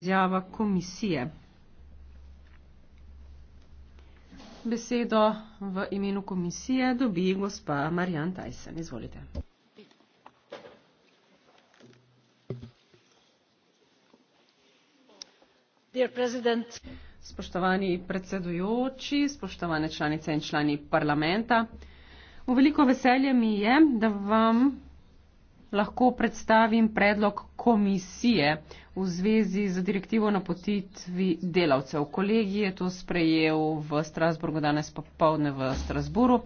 izjava komisije. Besedo v imenu komisije dobi gospa Marjan Tajsen. Izvolite. Spoštovani predsedujoči, spoštovane članice in člani parlamenta, v veliko veselje mi je, da vam lahko predstavim predlog komisije v zvezi z direktivo na potitvi delavcev. Kolegi je to sprejel v Strasburgu danes popovdne v Strasburu.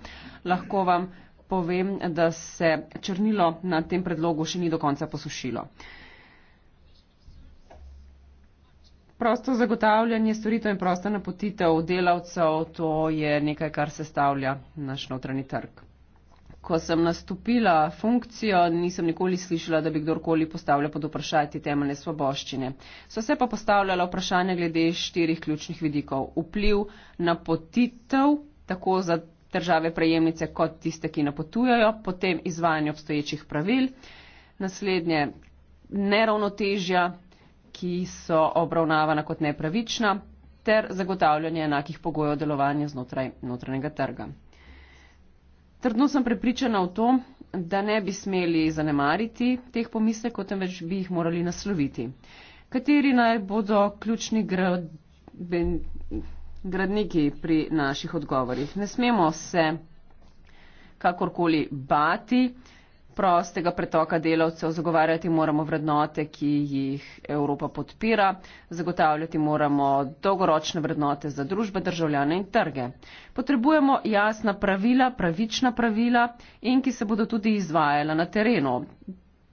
Lahko vam povem, da se črnilo na tem predlogu še ni do konca posušilo. Prosto zagotavljanje storitev in prosta napotitev delavcev, to je nekaj, kar sestavlja naš notranji trg ko sem nastopila funkcijo, nisem nikoli slišala, da bi kdorkoli postavljal pod vprašanje temeljne svoboščine. So se pa postavljala vprašanja glede štirih ključnih vidikov. Vpliv na potitev, tako za države prejemnice kot tiste, ki napotujajo, potem izvajanje obstoječih pravil, naslednje neravnotežja, ki so obravnavana kot nepravična, ter zagotavljanje enakih pogojev delovanja znotraj notranjega trga. Trdno sem prepričana v to, da ne bi smeli zanemariti teh pomislekov, temveč bi jih morali nasloviti. Kateri naj bodo ključni gradniki pri naših odgovorih? Ne smemo se kakorkoli bati prostega pretoka delavcev, zagovarjati moramo vrednote, ki jih Evropa podpira, zagotavljati moramo dolgoročne vrednote za družbe, državljane in trge. Potrebujemo jasna pravila, pravična pravila in ki se bodo tudi izvajala na terenu.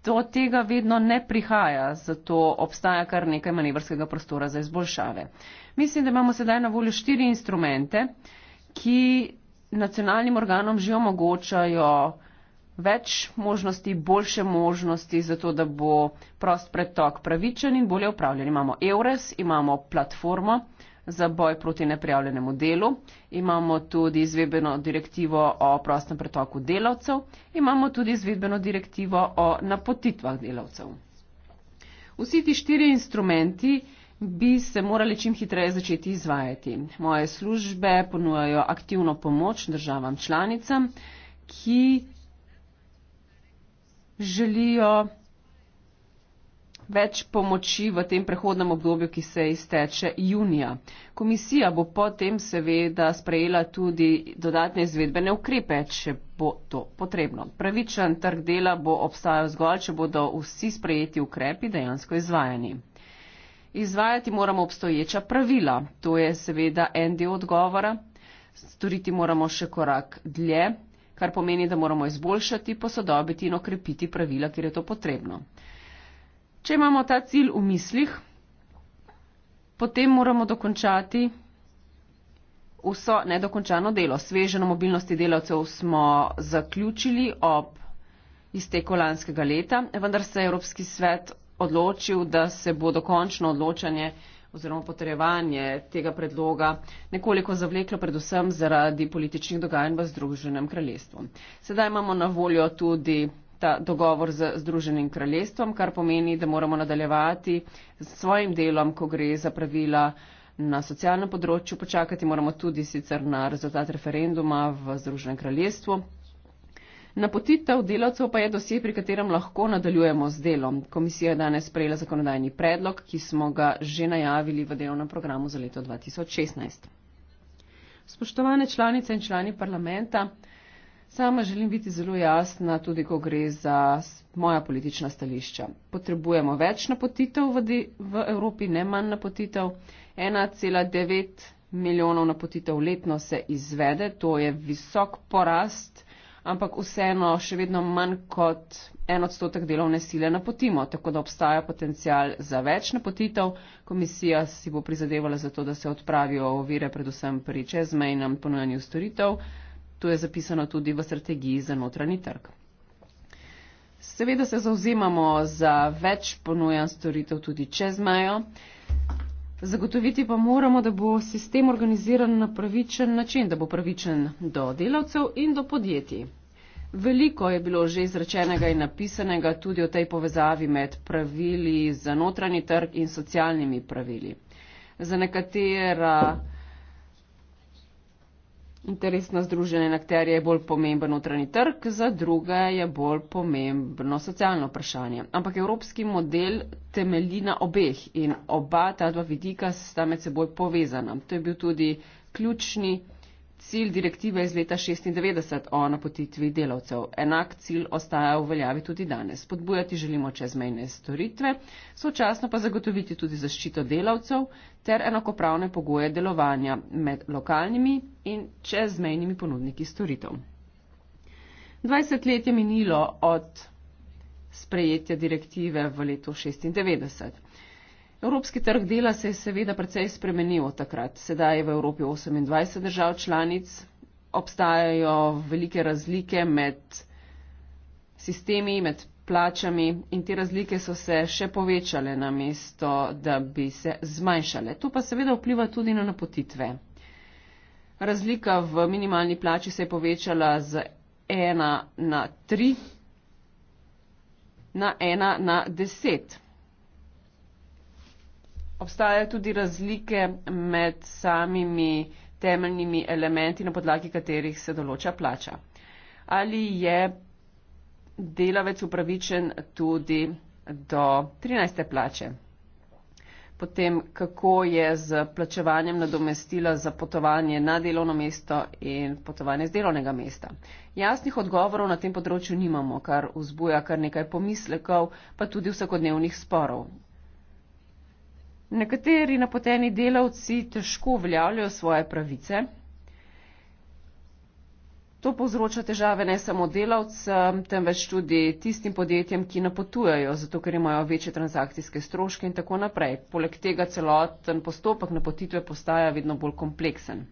Do tega vedno ne prihaja, zato obstaja kar nekaj manevrskega prostora za izboljšave. Mislim, da imamo sedaj na voljo štiri instrumente, ki nacionalnim organom že omogočajo več možnosti, boljše možnosti za to, da bo prost pretok pravičen in bolje upravljen. Imamo EURES, imamo platformo za boj proti neprijavljenemu delu, imamo tudi izvedbeno direktivo o prostem pretoku delavcev, imamo tudi izvedbeno direktivo o napotitvah delavcev. Vsi ti štiri instrumenti bi se morali čim hitreje začeti izvajati. Moje službe ponujajo aktivno pomoč državam članicam, ki želijo več pomoči v tem prehodnem obdobju, ki se izteče junija. Komisija bo potem seveda sprejela tudi dodatne izvedbene ukrepe, če bo to potrebno. Pravičen trg dela bo obstajal zgolj, če bodo vsi sprejeti ukrepi dejansko izvajani. Izvajati moramo obstoječa pravila, to je seveda en del odgovora. Storiti moramo še korak dlje, kar pomeni, da moramo izboljšati, posodobiti in okrepiti pravila, kjer je to potrebno. Če imamo ta cilj v mislih, potem moramo dokončati vso nedokončano delo. Sveženo mobilnosti delavcev smo zaključili ob izteku lanskega leta, vendar se je Evropski svet odločil, da se bo dokončno odločanje oziroma potrejevanje tega predloga nekoliko zavleklo predvsem zaradi političnih dogajanj v Združenem kraljestvu. Sedaj imamo na voljo tudi ta dogovor z Združenim kraljestvom, kar pomeni, da moramo nadaljevati s svojim delom, ko gre za pravila na socialnem področju. Počakati moramo tudi sicer na rezultat referenduma v Združenem kraljestvu. Napotitev delavcev pa je dosje, pri katerem lahko nadaljujemo z delom. Komisija je danes sprejela zakonodajni predlog, ki smo ga že najavili v delovnem programu za leto 2016. Spoštovane članice in člani parlamenta, sama želim biti zelo jasna, tudi ko gre za moja politična stališča. Potrebujemo več napotitev v, de, v Evropi, ne manj napotitev. 1,9 milijonov napotitev letno se izvede, to je visok porast ampak vseeno še vedno manj kot en odstotek delovne sile napotimo, tako da obstaja potencial za več napotitev. Komisija si bo prizadevala za to, da se odpravijo ovire predvsem pri čezmejnem ponujanju storitev. To je zapisano tudi v strategiji za notranji trg. Seveda se zauzemamo za več ponujan storitev tudi čez mejo. Zagotoviti pa moramo, da bo sistem organiziran na pravičen način, da bo pravičen do delavcev in do podjetij. Veliko je bilo že izrečenega in napisanega tudi o tej povezavi med pravili za notranji trg in socialnimi pravili. Za nekatera. Oh interesno združenje nekaterih je bolj pomemben notranji trg, za druge je bolj pomembno socialno vprašanje. Ampak evropski model temelji na obeh in oba ta dva vidika sta med seboj povezana. To je bil tudi ključni cilj direktive iz leta 96 o napotitvi delavcev. Enak cilj ostaja v veljavi tudi danes. Podbujati želimo čezmejne storitve, sočasno pa zagotoviti tudi zaščito delavcev ter enakopravne pogoje delovanja med lokalnimi in čezmejnimi ponudniki storitev. 20 let je minilo od sprejetja direktive v letu 96. Evropski trg dela se je seveda precej spremenil od takrat. Sedaj je v Evropi 28 držav članic, obstajajo velike razlike med sistemi, med plačami in te razlike so se še povečale na mesto, da bi se zmanjšale. To pa seveda vpliva tudi na napotitve. Razlika v minimalni plači se je povečala z 1 na 3 na 1 na 10 obstajajo tudi razlike med samimi temeljnimi elementi, na podlagi katerih se določa plača. Ali je delavec upravičen tudi do 13. plače? Potem, kako je z plačevanjem nadomestila za potovanje na delovno mesto in potovanje z delovnega mesta? Jasnih odgovorov na tem področju nimamo, kar vzbuja kar nekaj pomislekov, pa tudi vsakodnevnih sporov. Nekateri napoteni delavci težko uveljavljajo svoje pravice. To povzroča težave ne samo delavcem, temveč tudi tistim podjetjem, ki napotujejo, zato ker imajo večje transakcijske stroške in tako naprej. Poleg tega celoten postopek napotitve postaja vedno bolj kompleksen.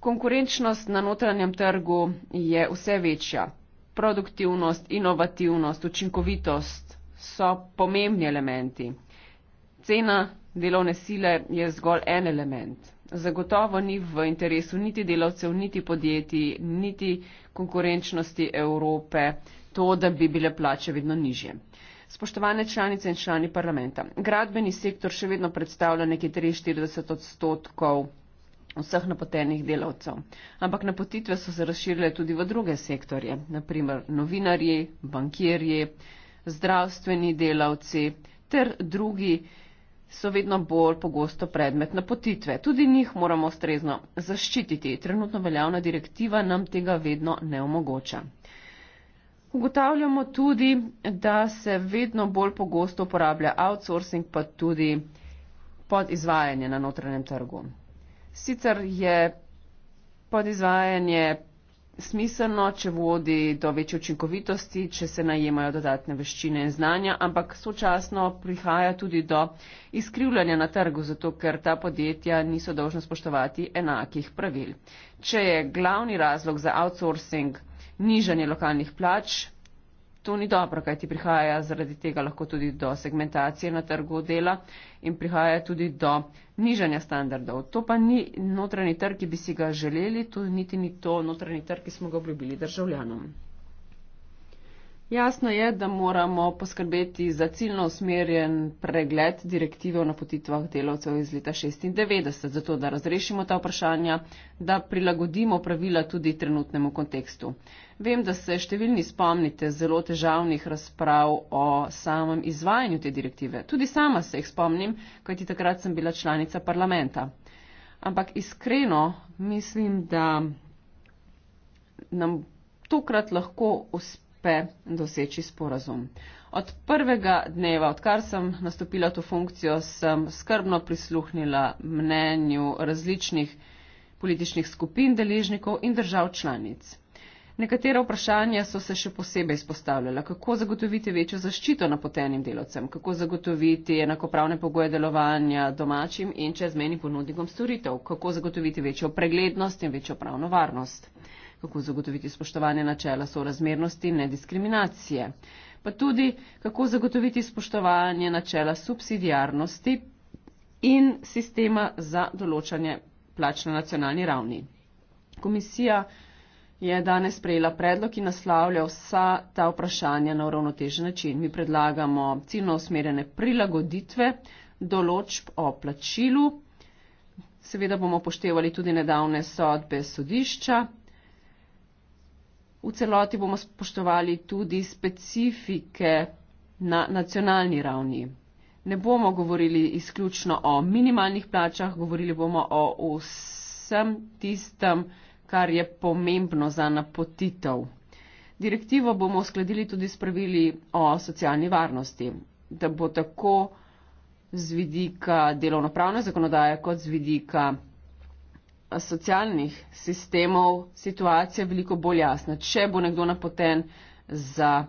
Konkurenčnost na notranjem trgu je vse večja. Produktivnost, inovativnost, učinkovitost so pomembni elementi cena delovne sile je zgolj en element. Zagotovo ni v interesu niti delavcev, niti podjetij, niti konkurenčnosti Evrope to, da bi bile plače vedno nižje. Spoštovane članice in člani parlamenta, gradbeni sektor še vedno predstavlja nekaj 43 odstotkov vseh napotenih delavcev. Ampak napotitve so se razširile tudi v druge sektorje, naprimer novinarji, bankirji, zdravstveni delavci ter drugi so vedno bolj pogosto predmet napotitve. Tudi njih moramo ustrezno zaščititi. Trenutno veljavna direktiva nam tega vedno ne omogoča. Ugotavljamo tudi, da se vedno bolj pogosto uporablja outsourcing, pa tudi podizvajanje na notranjem trgu. Sicer je podizvajanje smiselno, če vodi do večje učinkovitosti, če se najemajo dodatne veščine in znanja, ampak sočasno prihaja tudi do izkrivljanja na trgu, zato ker ta podjetja niso dožna spoštovati enakih pravil. Če je glavni razlog za outsourcing nižanje lokalnih plač, to ni dobro, kaj ti prihaja zaradi tega lahko tudi do segmentacije na trgu dela in prihaja tudi do nižanja standardov. To pa ni notranji trg, ki bi si ga želeli, tudi niti ni to notranji trg, ki smo ga obljubili državljanom. Jasno je, da moramo poskrbeti za ciljno usmerjen pregled direktive o napotitvah delavcev iz leta 96, zato da razrešimo ta vprašanja, da prilagodimo pravila tudi trenutnemu kontekstu. Vem, da se številni spomnite zelo težavnih razprav o samem izvajanju te direktive. Tudi sama se jih spomnim, kajti takrat sem bila članica parlamenta. Ampak iskreno mislim, da nam tokrat lahko uspe pa doseči sporazum. Od prvega dneva, odkar sem nastopila to funkcijo, sem skrbno prisluhnila mnenju različnih političnih skupin, deležnikov in držav članic. Nekatera vprašanja so se še posebej izpostavljala. Kako zagotoviti večjo zaščito napotenim delovcem? Kako zagotoviti enakopravne pogoje delovanja domačim in čezmenim ponudnikom storitev? Kako zagotoviti večjo preglednost in večjo pravno varnost? kako zagotoviti spoštovanje načela sorazmernosti in nediskriminacije, pa tudi kako zagotoviti spoštovanje načela subsidijarnosti in sistema za določanje plač na nacionalni ravni. Komisija je danes sprejela predlog in naslavlja vsa ta vprašanja na uravnotežen način. Mi predlagamo ciljno usmerjene prilagoditve določb o plačilu. Seveda bomo poštevali tudi nedavne sodbe sodišča, v celoti bomo spoštovali tudi specifike na nacionalni ravni. Ne bomo govorili izključno o minimalnih plačah, govorili bomo o vsem tistem, kar je pomembno za napotitev. Direktivo bomo uskladili tudi s pravili o socialni varnosti, da bo tako z vidika delovnopravne zakonodaje kot z vidika socialnih sistemov situacija veliko bolj jasna. Če bo nekdo napoten za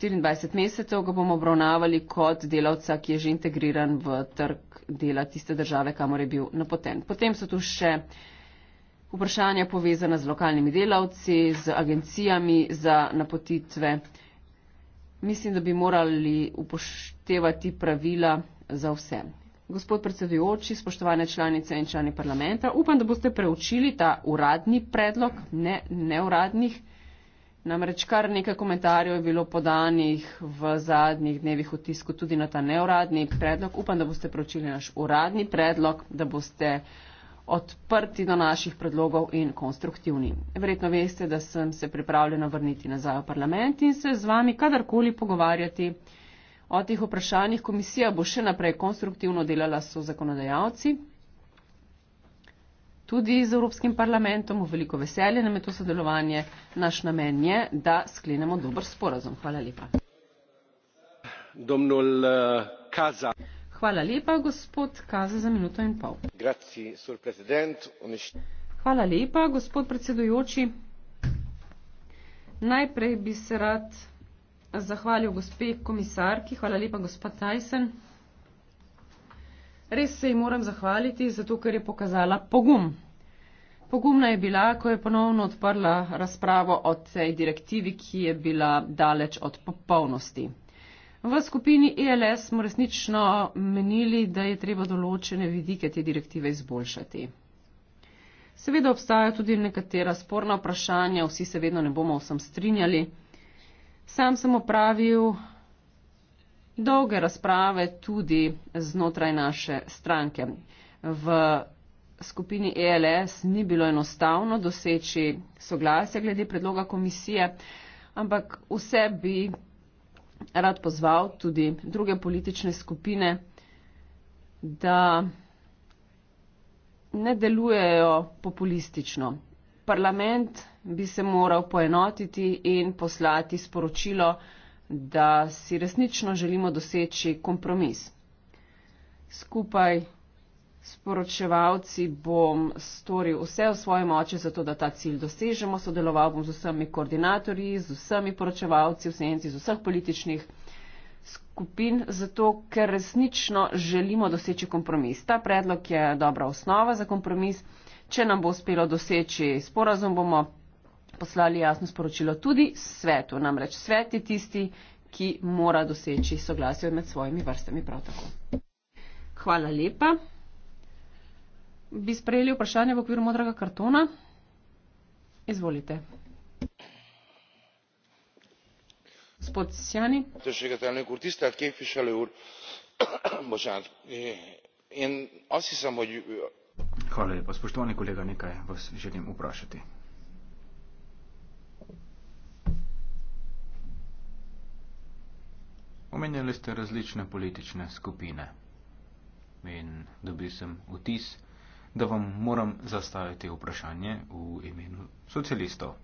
24 mesecev, ga bomo obravnavali kot delavca, ki je že integriran v trg dela tiste države, kamor je bil napoten. Potem so tu še vprašanja povezana z lokalnimi delavci, z agencijami za napotitve. Mislim, da bi morali upoštevati pravila za vse gospod predsedujoči, spoštovane članice in člani parlamenta. Upam, da boste preučili ta uradni predlog, ne neuradnih. Namreč kar nekaj komentarjev je bilo podanih v zadnjih dnevih v tisku tudi na ta neuradni predlog. Upam, da boste preučili naš uradni predlog, da boste odprti do naših predlogov in konstruktivni. Verjetno veste, da sem se pripravljena vrniti nazaj v parlament in se z vami kadarkoli pogovarjati. O teh vprašanjih komisija bo še naprej konstruktivno delala so zakonodajalci, tudi z Evropskim parlamentom. V veliko veselje nam je to sodelovanje. Naš namen je, da sklenemo dober sporazum. Hvala lepa. Domnul eh, Kaza. Hvala lepa, gospod Kaza, za minuto in pol. Hvala lepa, gospod predsedujoči. Najprej bi se rad zahvalil gospe komisarki, hvala lepa gospod Tyson. Res se ji moram zahvaliti, zato ker je pokazala pogum. Pogumna je bila, ko je ponovno odprla razpravo o tej direktivi, ki je bila daleč od popolnosti. V skupini ELS smo resnično menili, da je treba določene vidike te direktive izboljšati. Seveda obstajajo tudi nekatera sporna vprašanja, vsi se vedno ne bomo vsem strinjali. Sam sem opravil dolge razprave tudi znotraj naše stranke. V skupini ELS ni bilo enostavno doseči soglasje glede predloga komisije, ampak vse bi rad pozval tudi druge politične skupine, da ne delujejo populistično, parlament bi se moral poenotiti in poslati sporočilo, da si resnično želimo doseči kompromis. Skupaj s poročevalci bom storil vse v svoje moče, zato da ta cilj dosežemo. Sodeloval bom z vsemi koordinatorji, z vsemi poročevalci, vsejenci, z vseh političnih skupin, zato ker resnično želimo doseči kompromis. Ta predlog je dobra osnova za kompromis. Če nam bo uspelo doseči sporazum, bomo poslali jasno sporočilo tudi svetu. Namreč svet je tisti, ki mora doseči soglasje med svojimi vrstami prav tako. Hvala lepa. Bi sprejeli vprašanje v okviru modrega kartona? Izvolite. Gospod Sjani. To je še kaj talne kurtiste, a kje fišale ur? Božan. In osi samo Hvala lepa. Spoštovani kolega, nekaj vas želim vprašati. Omenjali ste različne politične skupine in dobil sem vtis, da vam moram zastaviti vprašanje v imenu socialistov.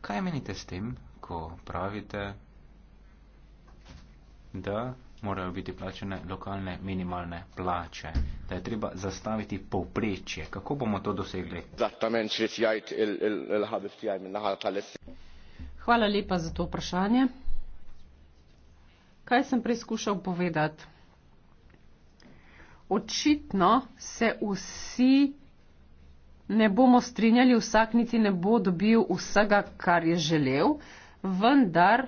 Kaj menite s tem, ko pravite, da morajo biti plačene lokalne minimalne plače, da je treba zastaviti povprečje. Kako bomo to dosegli? Hvala lepa za to vprašanje. Kaj sem preizkušal povedati? Očitno se vsi ne bomo strinjali, vsak niti ne bo dobil vsega, kar je želel, vendar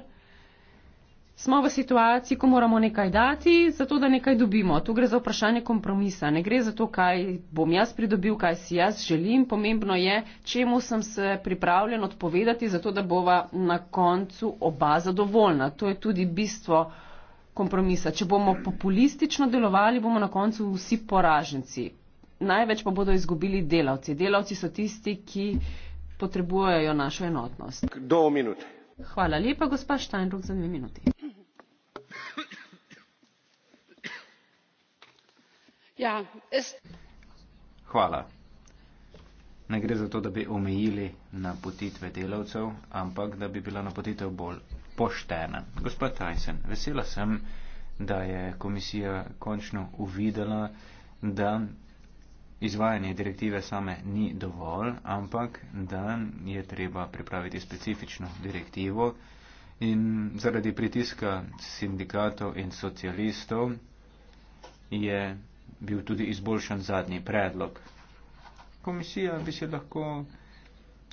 smo v situaciji, ko moramo nekaj dati, zato da nekaj dobimo. Tu gre za vprašanje kompromisa, ne gre za to, kaj bom jaz pridobil, kaj si jaz želim. Pomembno je, čemu sem se pripravljen odpovedati, zato da bova na koncu oba zadovoljna. To je tudi bistvo kompromisa. Če bomo populistično delovali, bomo na koncu vsi poraženci. Največ pa bodo izgubili delavci. Delavci so tisti, ki potrebujejo našo enotnost. Hvala lepa, gospa Štajnrok, za dve minuti. Ja, Hvala. Ne gre za to, da bi omejili napotitve delavcev, ampak da bi bila napotitev bolj poštena. Gospod Tyson, vesela sem, da je komisija končno uvidela, da izvajanje direktive same ni dovolj, ampak da je treba pripraviti specifično direktivo in zaradi pritiska sindikatov in socialistov je bil tudi izboljšan zadnji predlog. Komisija bi se lahko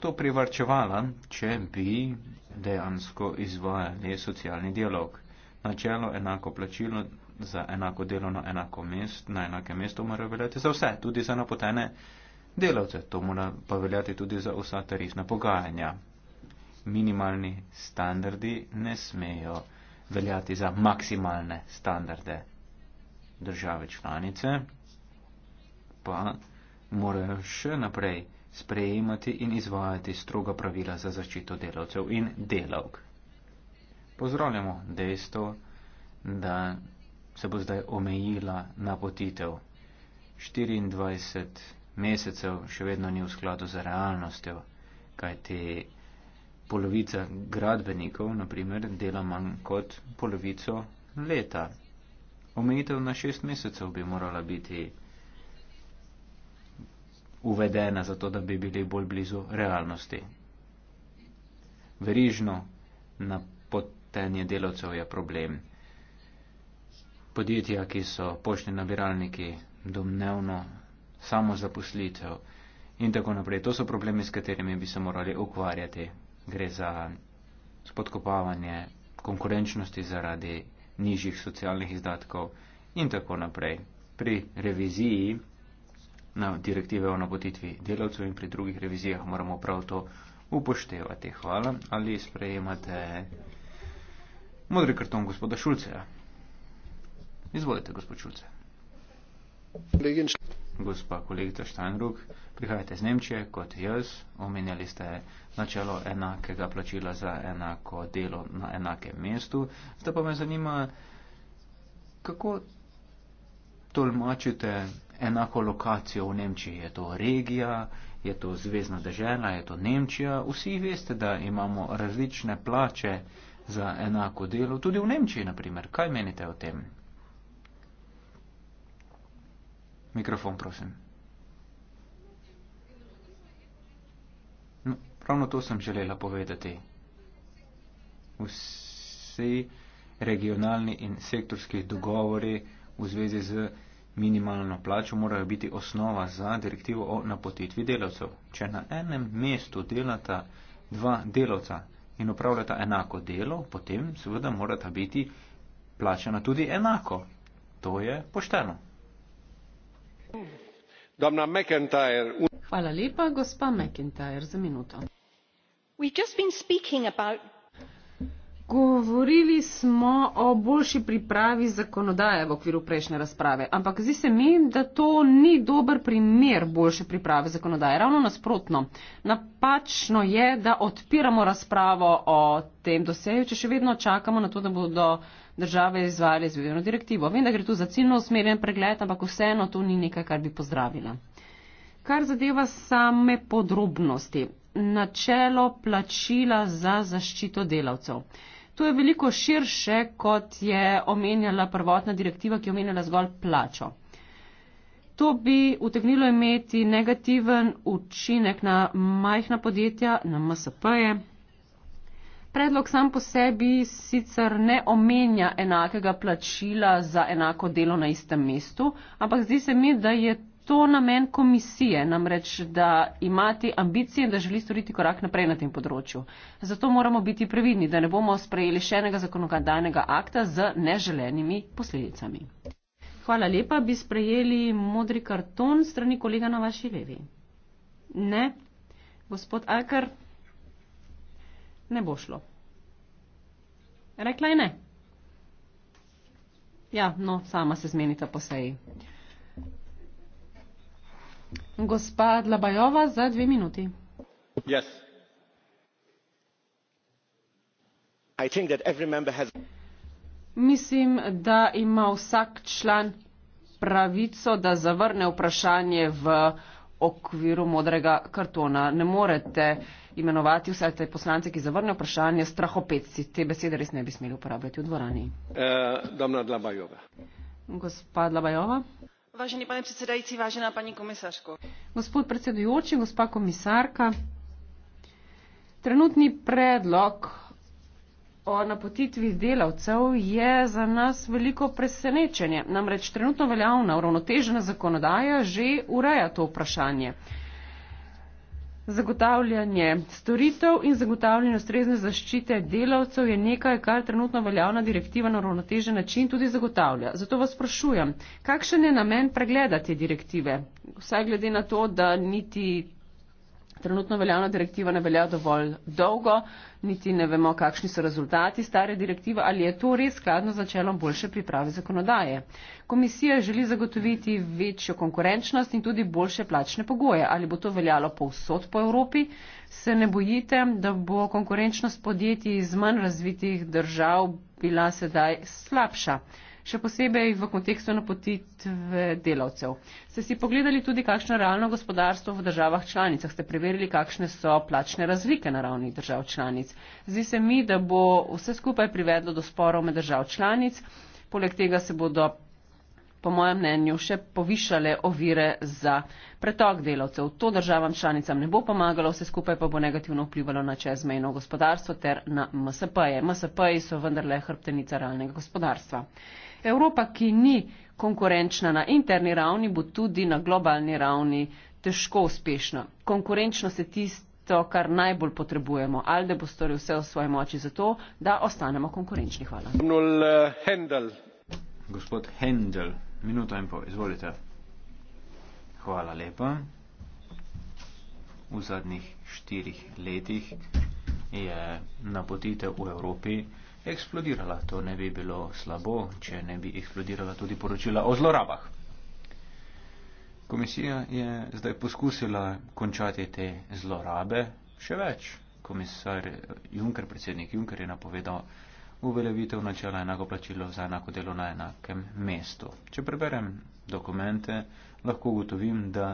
to privarčevala, če bi dejansko izvajali socialni dialog. Načelo enako plačilo za enako delo na enako mest, na enake mesto mora veljati za vse, tudi za napotene delavce. To mora pa veljati tudi za vsa tarifna pogajanja. Minimalni standardi ne smejo veljati za maksimalne standarde države članice pa morajo še naprej sprejemati in izvajati stroga pravila za zaščito delavcev in delavk. Pozdravljamo dejstvo, da se bo zdaj omejila napotitev. 24 mesecev še vedno ni v skladu z realnostjo, kajti polovica gradbenikov, naprimer, dela manj kot polovico leta. Omejitev na šest mesecev bi morala biti uvedena, zato da bi bili bolj blizu realnosti. Verižno napotenje delavcev je problem. Podjetja, ki so poštni nabiralniki, domnevno samo zaposlitev in tako naprej. To so problemi, s katerimi bi se morali ukvarjati. Gre za spodkopavanje konkurenčnosti zaradi nižjih socialnih izdatkov in tako naprej. Pri reviziji na direktive o napotitvi delavcev in pri drugih revizijah moramo prav to upoštevati. Hvala. Ali sprejemate modri karton gospoda Šulceja? Izvolite, gospod Šulce. Legenč gospa kolegica Steinruck, prihajate iz Nemčije kot jaz, omenjali ste načelo enakega plačila za enako delo na enakem mestu. Zdaj pa me zanima, kako tolmačite enako lokacijo v Nemčiji? Je to regija, je to zvezdna država, je to Nemčija? Vsi veste, da imamo različne plače za enako delo, tudi v Nemčiji, naprimer. Kaj menite o tem? Mikrofon, prosim. No, ravno to sem želela povedati. Vsi regionalni in sektorski dogovori v zvezi z minimalno plačo morajo biti osnova za direktivo o napotitvi delavcev. Če na enem mestu delata dva delavca in upravljata enako delo, potem seveda morata biti plačena tudi enako. To je pošteno we have just been speaking about the situation in the united kingdom and the situation in northern ireland. Govorili smo o boljši pripravi zakonodaje v okviru prejšnje razprave, ampak zdi se mi, da to ni dober primer boljše priprave zakonodaje. Ravno nasprotno, napačno je, da odpiramo razpravo o tem doseju, če še vedno čakamo na to, da bodo države izvajale izvedeno direktivo. Vem, da gre tu za ciljno usmerjen pregled, ampak vseeno to ni nekaj, kar bi pozdravila. Kar zadeva same podrobnosti. Načelo plačila za zaščito delavcev. To je veliko širše, kot je omenjala prvotna direktiva, ki je omenjala zgolj plačo. To bi utegnilo imeti negativen učinek na majhna podjetja, na MSP-je. Predlog sam po sebi sicer ne omenja enakega plačila za enako delo na istem mestu, ampak zdi se mi, da je to namen komisije, namreč, da imate ambicije in da želi storiti korak naprej na tem področju. Zato moramo biti previdni, da ne bomo sprejeli še enega zakonodajnega akta z neželenimi posledicami. Hvala lepa, bi sprejeli modri karton strani kolega na vaši levi. Ne, gospod Akar, ne bo šlo. Rekla je ne. Ja, no, sama se zmenita po seji mislim da ima vsak član pravico da zavrne vprašanje v okviru modrega kartona. Ne morete imenovati vse te poslance, ki zavrne vprašanje, strahopetci. Te besede res ne bi smeli uporabljati v dvorani. Uh, Gospa Dlabajova gospod predsedujoči gospa komisarka trenutni predlog o napotitvi delavcev je za nas veliko presenečenje namreč trenutno veljavna uravnotežena zakonodaja že ureja to vprašanje. Zagotavljanje storitev in zagotavljanje ustrezne zaščite delavcev je nekaj, kar trenutno veljavna direktiva na ravnotežen način tudi zagotavlja. Zato vas sprašujem, kakšen je namen pregleda te direktive? Vsaj glede na to, da niti Trenutno veljavna direktiva ne velja dovolj dolgo, niti ne vemo, kakšni so rezultati stare direktive, ali je to res skladno z načelom boljše priprave zakonodaje. Komisija želi zagotoviti večjo konkurenčnost in tudi boljše plačne pogoje. Ali bo to veljalo povsod po Evropi? Se ne bojite, da bo konkurenčnost podjetij iz manj razvitih držav bila sedaj slabša? še posebej v kontekstu napotitve delavcev. Ste si pogledali tudi, kakšno je realno gospodarstvo v državah članicah? Ste preverili, kakšne so plačne razlike na ravni držav članic? Zdi se mi, da bo vse skupaj privedlo do sporov med držav članic. Poleg tega se bodo po mojem mnenju, še povišale ovire za pretok delavcev. To državam članicam ne bo pomagalo, vse skupaj pa bo negativno vplivalo na čezmejno gospodarstvo ter na MSP-je. MSP-ji so vendarle hrbtenica realnega gospodarstva. Evropa, ki ni konkurenčna na interni ravni, bo tudi na globalni ravni težko uspešna. Konkurenčno se tisto, kar najbolj potrebujemo. Alde bo storil vse v svoji moči za to, da ostanemo konkurenčni. Hvala. Eh, Gospod Hendel, minuto in pol, izvolite. Hvala lepa. V zadnjih štirih letih je napotitev v Evropi eksplodirala. To ne bi bilo slabo, če ne bi eksplodirala tudi poročila o zlorabah. Komisija je zdaj poskusila končati te zlorabe še več. Komisar Juncker, predsednik Juncker je napovedal uveljavitev načela enako plačilo za enako delo na enakem mestu. Če preberem dokumente, lahko ugotovim, da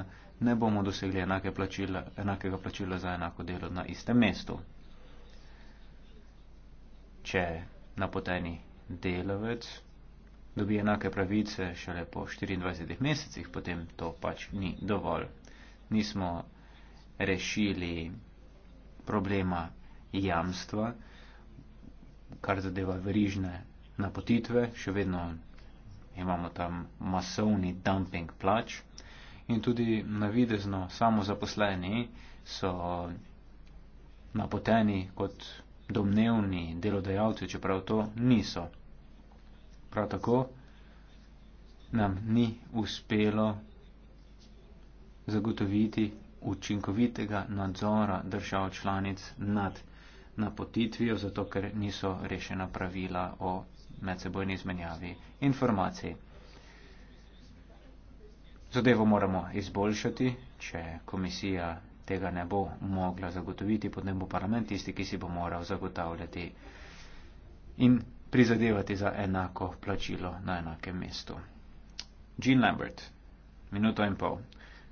ne bomo dosegli plačila, enakega plačila za enako delo na istem mestu če napoteni delavec dobi enake pravice šele po 24 mesecih, potem to pač ni dovolj. Nismo rešili problema jamstva, kar zadeva verižne napotitve, še vedno imamo tam masovni dumping plač in tudi navidezno samozaposleni so napoteni kot domnevni delodajalci, čeprav to niso. Prav tako nam ni uspelo zagotoviti učinkovitega nadzora držav članic nad napotitvijo, zato ker niso rešena pravila o medsebojni izmenjavi informacij. Zadevo moramo izboljšati, če komisija tega ne bo mogla zagotoviti, potem bo parlament tisti, ki si bo moral zagotavljati in prizadevati za enako plačilo na enakem mestu. Jean Lambert, minuto in pol.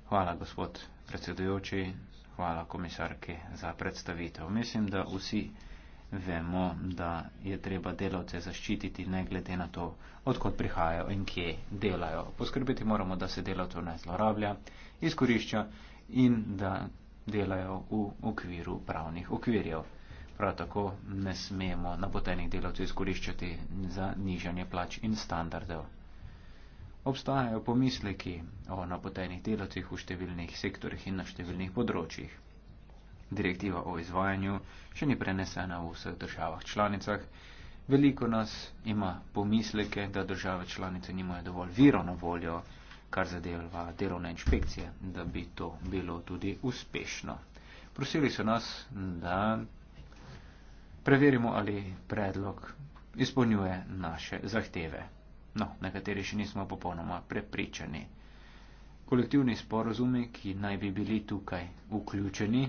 Hvala, gospod predsedujoči, hvala komisarki za predstavitev. Mislim, da vsi vemo, da je treba delavce zaščititi, ne glede na to, odkot prihajajo in kje delajo. Poskrbeti moramo, da se delavcev ne zlorablja, izkorišča in da delajo v okviru pravnih okvirjev. Prav tako ne smemo napotenih delavcev izkoriščati za nižanje plač in standardov. Obstajajo pomisleki o napotenih delavcih v številnih sektorjih in na številnih področjih. Direktiva o izvajanju še ni prenesena v vseh državah članicah. Veliko nas ima pomisleke, da države članice nimajo dovolj virov na voljo kar zadeva delovne inšpekcije, da bi to bilo tudi uspešno. Prosili so nas, da preverimo, ali predlog izpolnjuje naše zahteve. No, nekateri še nismo popolnoma prepričani. Kolektivni sporozumi, ki naj bi bili tukaj vključeni,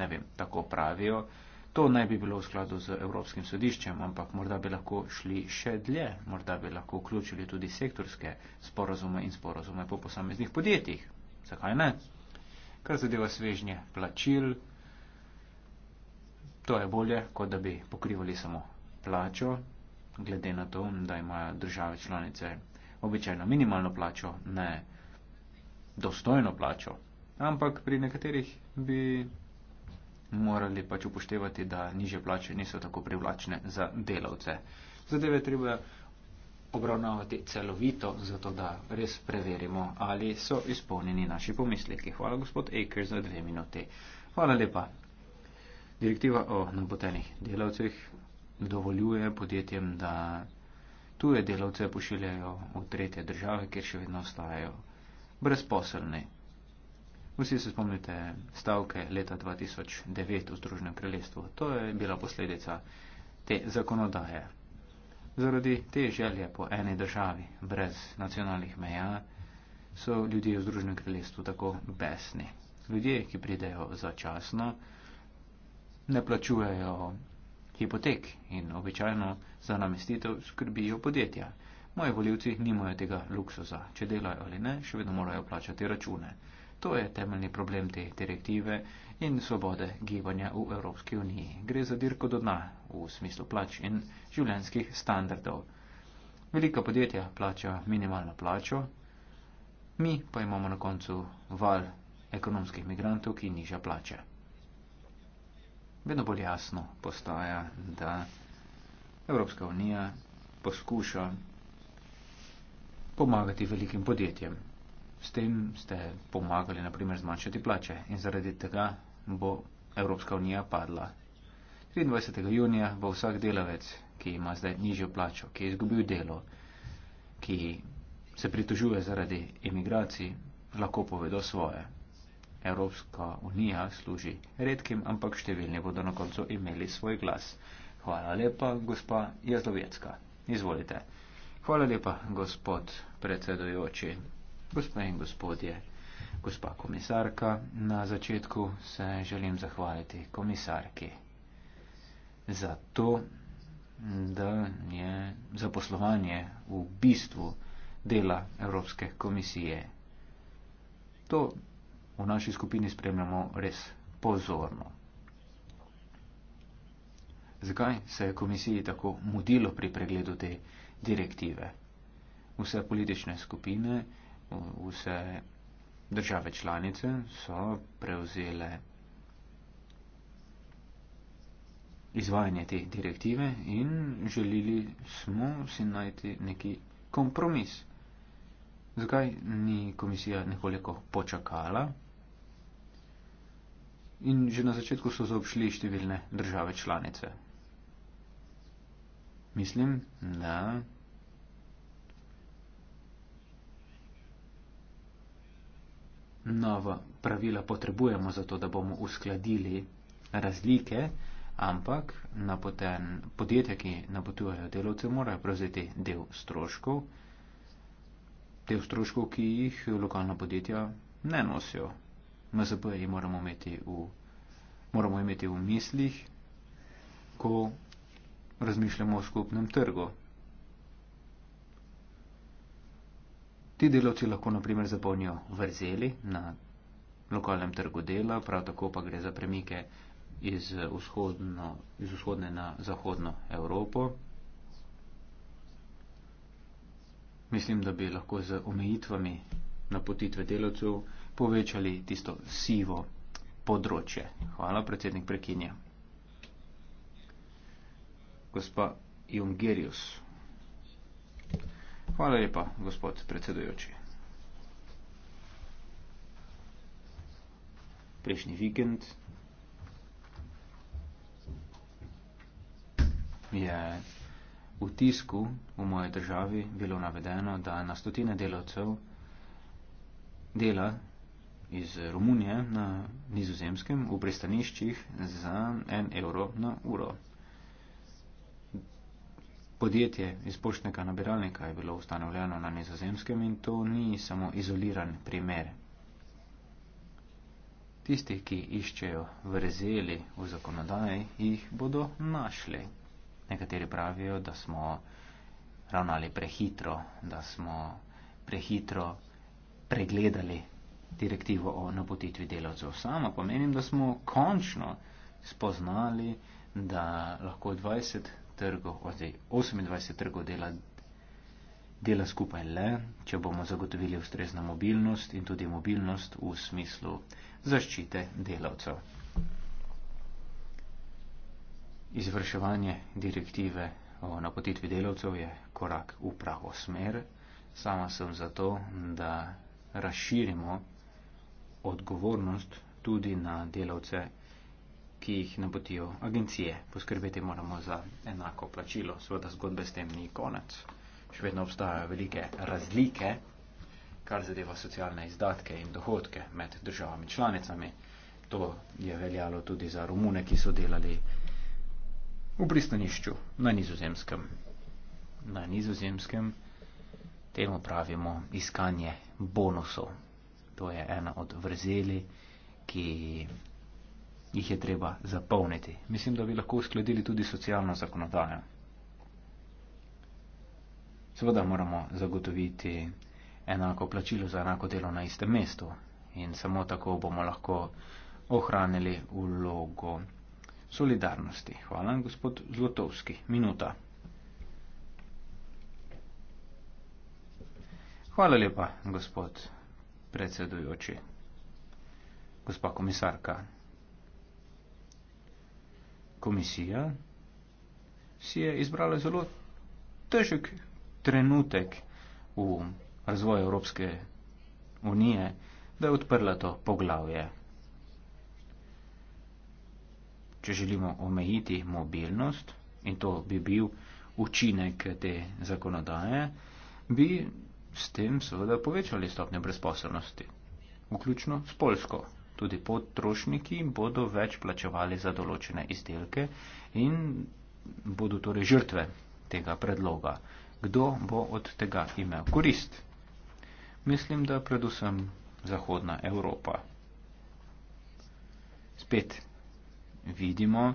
ne vem, tako pravijo, To naj bi bilo v skladu z Evropskim sodiščem, ampak morda bi lahko šli še dlje, morda bi lahko vključili tudi sektorske sporazume in sporazume po posameznih podjetjih. Zakaj ne? Kar zadeva svežnje plačil, to je bolje, kot da bi pokrivali samo plačo, glede na to, da imajo države članice običajno minimalno plačo, ne dostojno plačo. Ampak pri nekaterih bi morali pač upoštevati, da niže plače niso tako privlačne za delavce. Zadeve treba obravnavati celovito, zato da res preverimo, ali so izpolnjeni naši pomisleki. Hvala, gospod Aker, za dve minuti. Hvala lepa. Direktiva o napotenih delavcih dovoljuje podjetjem, da tuje delavce pošiljajo v tretje države, kjer še vedno ostajajo brezposelni. Vsi se spomnite stavke leta 2009 v Združenem kraljestvu. To je bila posledica te zakonodaje. Zaradi te želje po eni državi brez nacionalnih meja so ljudje v Združenem kraljestvu tako besni. Ljudje, ki pridejo začasno, ne plačujejo hipotek in običajno za namestitev skrbijo podjetja. Moji voljivci nimajo tega luksusa. Če delajo ali ne, še vedno morajo plačati račune. To je temeljni problem te direktive in svobode gibanja v Evropski uniji. Gre za dirko do dna v smislu plač in življenskih standardov. Velika podjetja plača minimalno plačo, mi pa imamo na koncu val ekonomskih migrantov, ki niža plače. Vedno bolj jasno postaja, da Evropska unija poskuša pomagati velikim podjetjem. S tem ste pomagali, naprimer, zmanjšati plače in zaradi tega bo Evropska unija padla. 23. junija bo vsak delavec, ki ima zdaj nižjo plačo, ki je izgubil delo, ki se pritožuje zaradi imigracij, lahko povedo svoje. Evropska unija služi redkim, ampak številni bodo na koncu imeli svoj glas. Hvala lepa, gospa Jazlovecka. Izvolite. Hvala lepa, gospod predsedujoči. Gospe in gospodje, gospa komisarka, na začetku se želim zahvaliti komisarki za to, da je zaposlovanje v bistvu dela Evropske komisije. To v naši skupini spremljamo res pozorno. Zakaj se je komisiji tako mudilo pri pregledu te direktive? Vse politične skupine vse države članice so prevzele izvajanje te direktive in želili smo si najti neki kompromis. Zakaj ni komisija nekoliko počakala? In že na začetku so zaobšli številne države članice. Mislim, da nova pravila potrebujemo zato, da bomo uskladili razlike, ampak napoten podjetja, ki napotujejo delovce, morajo prevzeti del stroškov, del stroškov, ki jih lokalna podjetja ne nosijo. MZP-ji moramo imeti v, moramo imeti v mislih, ko razmišljamo o skupnem trgu. Ti delavci lahko naprimer zapolnijo vrzeli na lokalnem trgu dela, prav tako pa gre za premike iz, vzhodno, iz vzhodne na zahodno Evropo. Mislim, da bi lahko z omejitvami na potitve delavcev povečali tisto sivo področje. Hvala, predsednik prekinja. Gospa Jungerius. Hvala lepa, gospod predsedujoči. Prejšnji vikend je v tisku v moje državi bilo navedeno, da na stotine delavcev dela iz Romunije na nizozemskem v pristaniščih za en evro na uro podjetje izpušnega nabiralnika je bilo ustanovljeno na nizozemskem in to ni samo izoliran primer. Tisti, ki iščejo vrzeli v zakonodaji, jih bodo našli. Nekateri pravijo, da smo ravnali prehitro, da smo prehitro pregledali direktivo o napotitvi delavcev. Sama pomenim, da smo končno spoznali, da lahko 20 trgov, oziroma 28 trgov dela, dela skupaj le, če bomo zagotovili ustrezno mobilnost in tudi mobilnost v smislu zaščite delavcev. Izvrševanje direktive o napotitvi delavcev je korak v pravo smer. Sama sem zato, da razširimo odgovornost tudi na delavce ki jih nabotijo agencije. Poskrbeti moramo za enako plačilo. Sveda zgodbe s tem ni konec. Še vedno obstajajo velike razlike, kar zadeva socialne izdatke in dohodke med državami članicami. To je veljalo tudi za Romune, ki so delali v pristanišču na nizozemskem. Na nizozemskem temu pravimo iskanje bonusov. To je ena od vrzeli, ki jih je treba zapolniti. Mislim, da bi lahko uskladili tudi socialno zakonodajo. Seveda moramo zagotoviti enako plačilo za enako delo na istem mestu in samo tako bomo lahko ohranili vlogo solidarnosti. Hvala, gospod Zlotovski. Minuta. Hvala lepa, gospod predsedujoči, gospa komisarka komisija si je izbrala zelo težek trenutek v razvoju Evropske unije, da je odprla to poglavje. Če želimo omejiti mobilnost, in to bi bil učinek te zakonodaje, bi s tem seveda povečali stopnjo brezposobnosti, vključno s Polsko tudi potrošniki bodo več plačevali za določene izdelke in bodo torej žrtve tega predloga. Kdo bo od tega imel korist? Mislim, da predvsem Zahodna Evropa. Spet vidimo,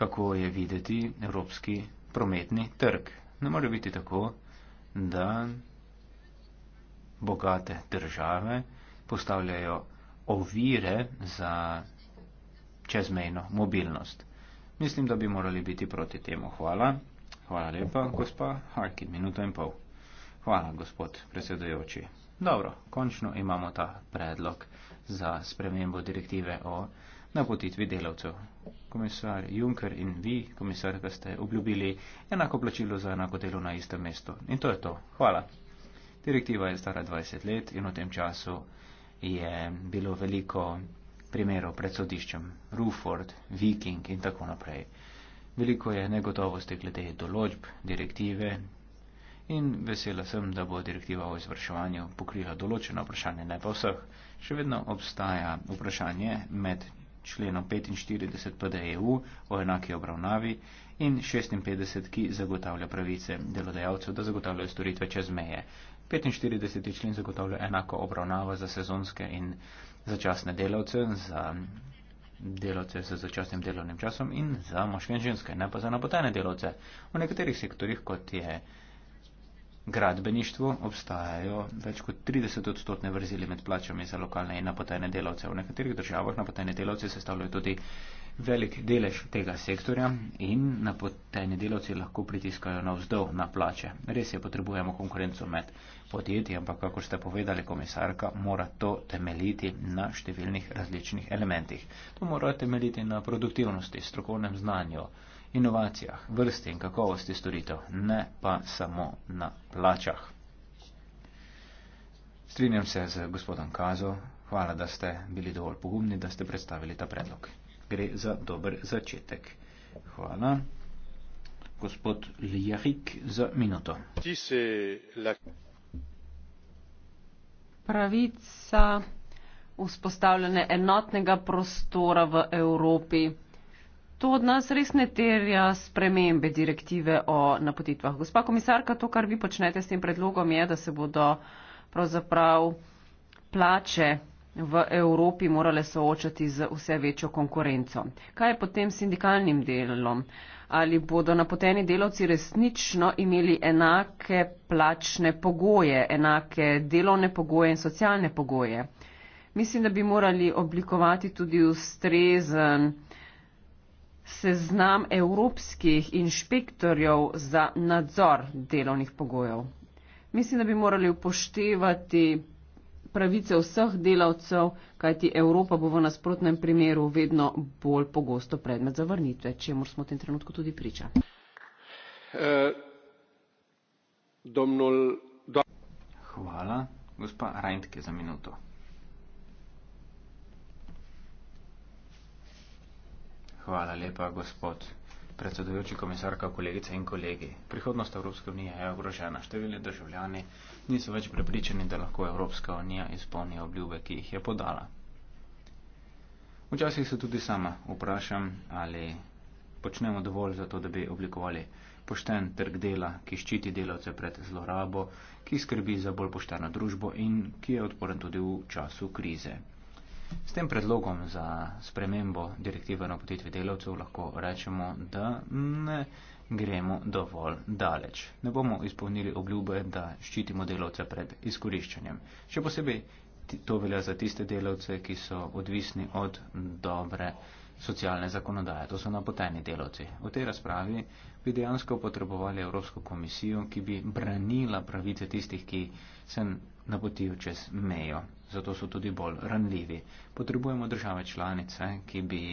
kako je videti evropski prometni trg. Ne more biti tako, da bogate države postavljajo ovire za čezmejno mobilnost. Mislim, da bi morali biti proti temu. Hvala. Hvala lepa, gospa Harkin. Minuto in pol. Hvala, gospod predsedujoči. Dobro, končno imamo ta predlog za spremembo direktive o napotitvi delavcev. Komisar Juncker in vi, komisarka, ste obljubili enako plačilo za enako delo na istem mestu. In to je to. Hvala. Direktiva je stara 20 let in v tem času je bilo veliko primerov pred sodiščem, Ruford, Viking in tako naprej. Veliko je negotovosti glede določb, direktive in vesela sem, da bo direktiva o izvrševanju pokrila določeno vprašanje, ne pa vseh. Še vedno obstaja vprašanje med členom 45 PDEU o enaki obravnavi in 56, ki zagotavlja pravice delodajalcev, da zagotavljajo storitve čez meje. 45. člen zagotavlja enako obravnavo za sezonske in začasne delavce, za delavce z začasnim delovnim časom in za moške in ženske, ne pa za napotene delavce. V nekaterih sektorjih, kot je gradbeništvo, obstajajo več kot 30 odstotne vrzili med plačami za lokalne in napotene delavce. V nekaterih državah napotene delavce sestavljajo tudi velik delež tega sektorja in napoteni delavci lahko pritiskajo na vzdolj na plače. Res je, potrebujemo konkurenco med podjetij, ampak kako ste povedali, komisarka, mora to temeljiti na številnih različnih elementih. To mora temeljiti na produktivnosti, strokovnem znanju, inovacijah, vrsti in kakovosti storitev, ne pa samo na plačah. Strinjam se z gospodom Kazo, hvala, da ste bili dovolj pogumni, da ste predstavili ta predlog. Gre za dober začetek. Hvala. Gospod Ljahik za minuto pravica vzpostavljanje enotnega prostora v Evropi. To od nas res ne terja spremembe direktive o napotitvah. Gospa komisarka, to, kar vi počnete s tem predlogom, je, da se bodo pravzaprav plače v Evropi morale soočati z vse večjo konkurenco. Kaj je potem s sindikalnim delom? Ali bodo napoteni delavci resnično imeli enake plačne pogoje, enake delovne pogoje in socialne pogoje? Mislim, da bi morali oblikovati tudi ustrezen seznam evropskih inšpektorjev za nadzor delovnih pogojev. Mislim, da bi morali upoštevati pravice vseh delavcev, kajti Evropa bo v nasprotnem primeru vedno bolj pogosto predmet zavrnitve, čemu smo v tem trenutku tudi priča. Eh, Hvala. Gospa Rajntke za minuto. Hvala lepa, gospod predsedujoči komisarka, kolegice in kolegi. Prihodnost Evropske unije je ogrožena. Številni državljani niso več prepričani, da lahko Evropska unija izpolni obljube, ki jih je podala. Včasih se tudi sama vprašam, ali počnemo dovolj za to, da bi oblikovali pošten trg dela, ki ščiti delavce pred zlorabo, ki skrbi za bolj pošteno družbo in ki je odporen tudi v času krize. S tem predlogom za spremembo direktive na potitvi delavcev lahko rečemo, da ne, gremo dovolj daleč. Ne bomo izpolnili obljube, da ščitimo delovce pred izkoriščanjem. Še posebej to velja za tiste delovce, ki so odvisni od dobre socialne zakonodaje. To so napoteni delovci. V tej razpravi bi dejansko potrebovali Evropsko komisijo, ki bi branila pravice tistih, ki se napotijo čez mejo. Zato so tudi bolj ranljivi. Potrebujemo države članice, ki bi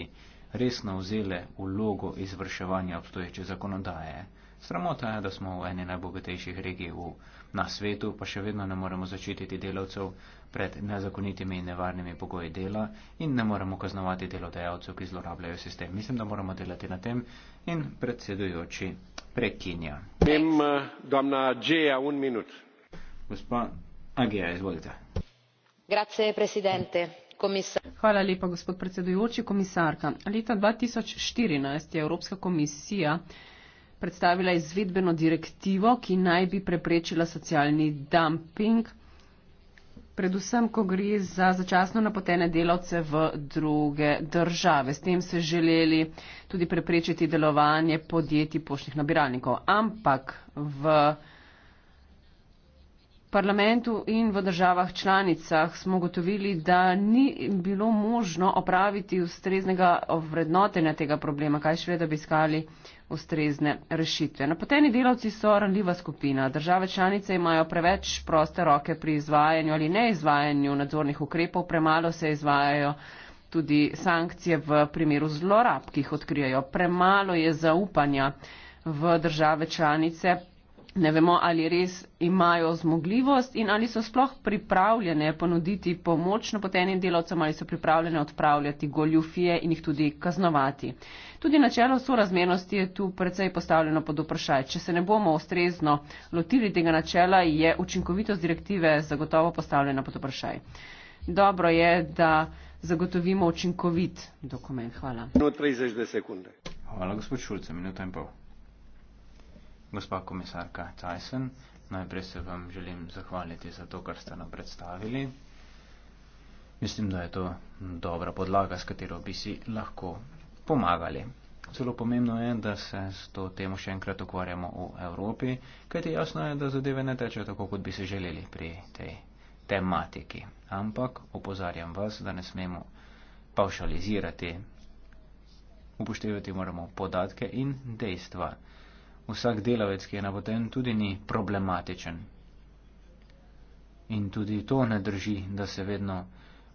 resno vzele vlogo izvrševanja obstoječe zakonodaje. Sramota je, da smo v eni najbogatejših regij v, na svetu, pa še vedno ne moremo začititi delavcev pred nezakonitimi in nevarnimi pogoji dela in ne moremo kaznovati delodajalcev, ki zlorabljajo sistem. Mislim, da moramo delati na tem in predsedujoči prekinja. Eh, Gospa Agija, izvolite. Grazie, Hvala lepa, gospod predsedujoči, komisarka. Leta 2014 je Evropska komisija predstavila izvedbeno direktivo, ki naj bi preprečila socialni dumping, predvsem, ko gre za začasno napotene delavce v druge države. S tem se želeli tudi preprečiti delovanje podjetij poštnih nabiralnikov. Ampak v parlamentu in v državah članicah smo gotovili, da ni bilo možno opraviti ustreznega vrednotenja tega problema, kaj šele, da bi iskali ustrezne rešitve. Napoteni delavci so ranljiva skupina. Države članice imajo preveč proste roke pri izvajanju ali neizvajanju nadzornih ukrepov, premalo se izvajajo tudi sankcije v primeru zlorab, ki jih odkrijajo. Premalo je zaupanja v države članice, ne vemo, ali res imajo zmogljivost in ali so sploh pripravljene ponuditi pomoč napotenim delavcem ali so pripravljene odpravljati goljufije in jih tudi kaznovati. Tudi načelo sorazmernosti je tu precej postavljeno pod vprašaj. Če se ne bomo ustrezno lotili tega načela, je učinkovitost direktive zagotovo postavljena pod vprašaj. Dobro je, da zagotovimo učinkovit dokument. Hvala. Hvala, gospod Šulce, minuta in pol. Gospa komisarka Tyson, najprej se vam želim zahvaliti za to, kar ste nam predstavili. Mislim, da je to dobra podlaga, s katero bi si lahko pomagali. Celo pomembno je, da se s to temo še enkrat ukvarjamo v Evropi, kajti jasno je, da zadeve ne tečejo tako, kot bi se želeli pri tej tematiki. Ampak opozarjam vas, da ne smemo paušalizirati. Upoštevati moramo podatke in dejstva vsak delavec, ki je napoten, tudi ni problematičen. In tudi to ne drži, da se vedno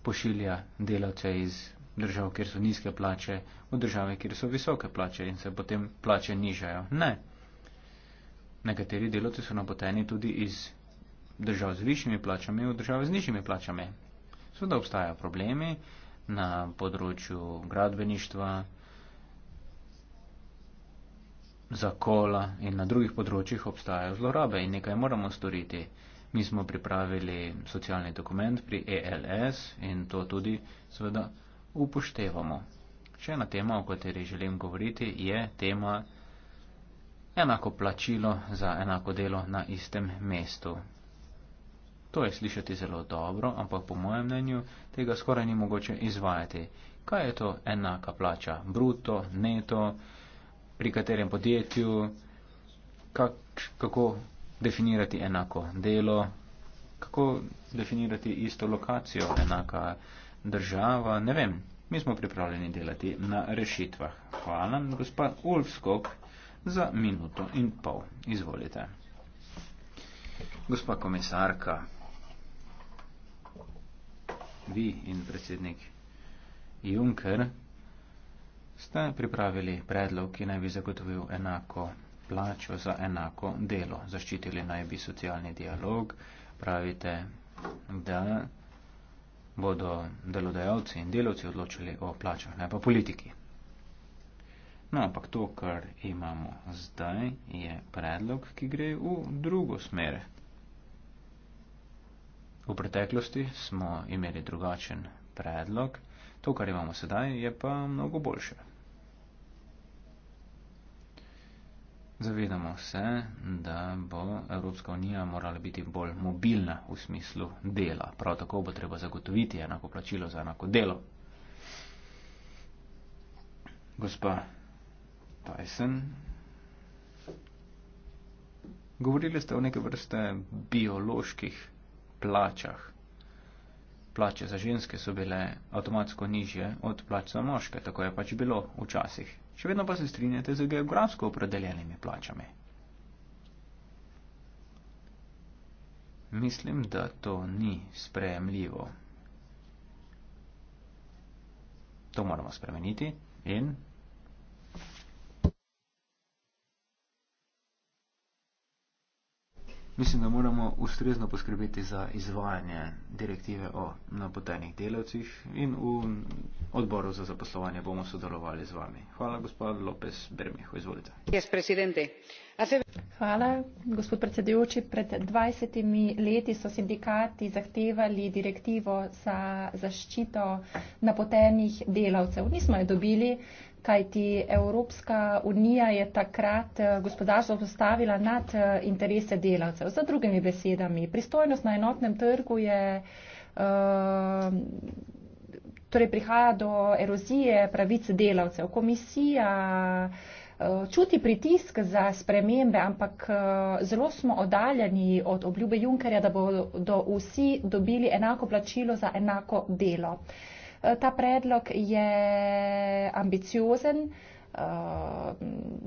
pošilja delavce iz držav, kjer so nizke plače, v države, kjer so visoke plače in se potem plače nižajo. Ne. Nekateri delavci so napoteni tudi iz držav z višjimi plačami v države z nižjimi plačami. Sveda obstajajo problemi na področju gradbeništva, zakola in na drugih področjih obstajajo zlorabe in nekaj moramo storiti. Mi smo pripravili socialni dokument pri ELS in to tudi seveda upoštevamo. Še ena tema, o kateri želim govoriti, je tema enako plačilo za enako delo na istem mestu. To je slišati zelo dobro, ampak po mojem mnenju tega skoraj ni mogoče izvajati. Kaj je to enaka plača? Bruto, neto? pri katerem podjetju, kak, kako definirati enako delo, kako definirati isto lokacijo, enaka država, ne vem. Mi smo pripravljeni delati na rešitvah. Hvala, gospod Ulfskog, za minuto in pol. Izvolite. Gospa komisarka, vi in predsednik Juncker ste pripravili predlog, ki naj bi zagotovil enako plačo za enako delo. Zaščitili naj bi socialni dialog. Pravite, da bodo delodajalci in delovci odločili o plačah, ne pa politiki. No, ampak to, kar imamo zdaj, je predlog, ki gre v drugo smer. V preteklosti smo imeli drugačen predlog, to, kar imamo sedaj, je pa mnogo boljše. Zavedamo se, da bo Evropska unija morala biti bolj mobilna v smislu dela. Prav tako bo treba zagotoviti enako plačilo za enako delo. Gospa Tyson, govorili ste o neke vrste bioloških plačah. Plače za ženske so bile avtomatsko nižje od plač za moške, tako je pač bilo včasih še vedno pa se strinjate z geografsko opredeljenimi plačami. Mislim, da to ni sprejemljivo. To moramo spremeniti in Mislim, da moramo ustrezno poskrbeti za izvajanje direktive o napotenih delavcih in v odboru za zaposlovanje bomo sodelovali z vami. Hvala, gospod Lopes Bermeho, izvolite. Hvala, gospod predsedujoči. Pred 20 leti so sindikati zahtevali direktivo za zaščito napotenih delavcev. Nismo jo dobili, kajti Evropska unija je takrat eh, gospodarstvo postavila nad eh, interese delavcev. Za drugimi besedami, pristojnost na enotnem trgu je. Ehm, torej prihaja do erozije pravic delavcev. Komisija eh, čuti pritisk za spremembe, ampak zelo smo oddaljeni od obljube Junkerja, da bodo vsi dobili enako plačilo za enako delo. Uh, ta predlog je ambiciozen. Eh,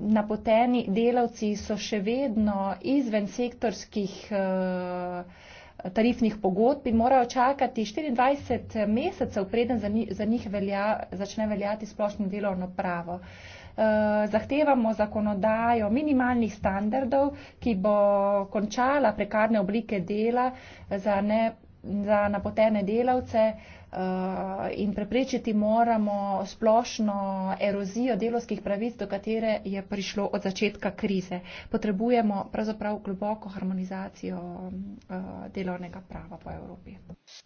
napoteni delavci so še vedno izven sektorskih eh, tarifnih pogodb in morajo čakati 24 mesecev, preden za njih velja, začne veljati splošno delovno pravo. Eh, zahtevamo zakonodajo minimalnih standardov, ki bo končala prekarne oblike dela za, ne, za napotene delavce, uh, Eh, in preprečiti moramo splošno erozijo delovskih pravic, do katere je prišlo od začetka krize. Potrebujemo pravzaprav globoko harmonizacijo eh, delovnega prava po Evropi.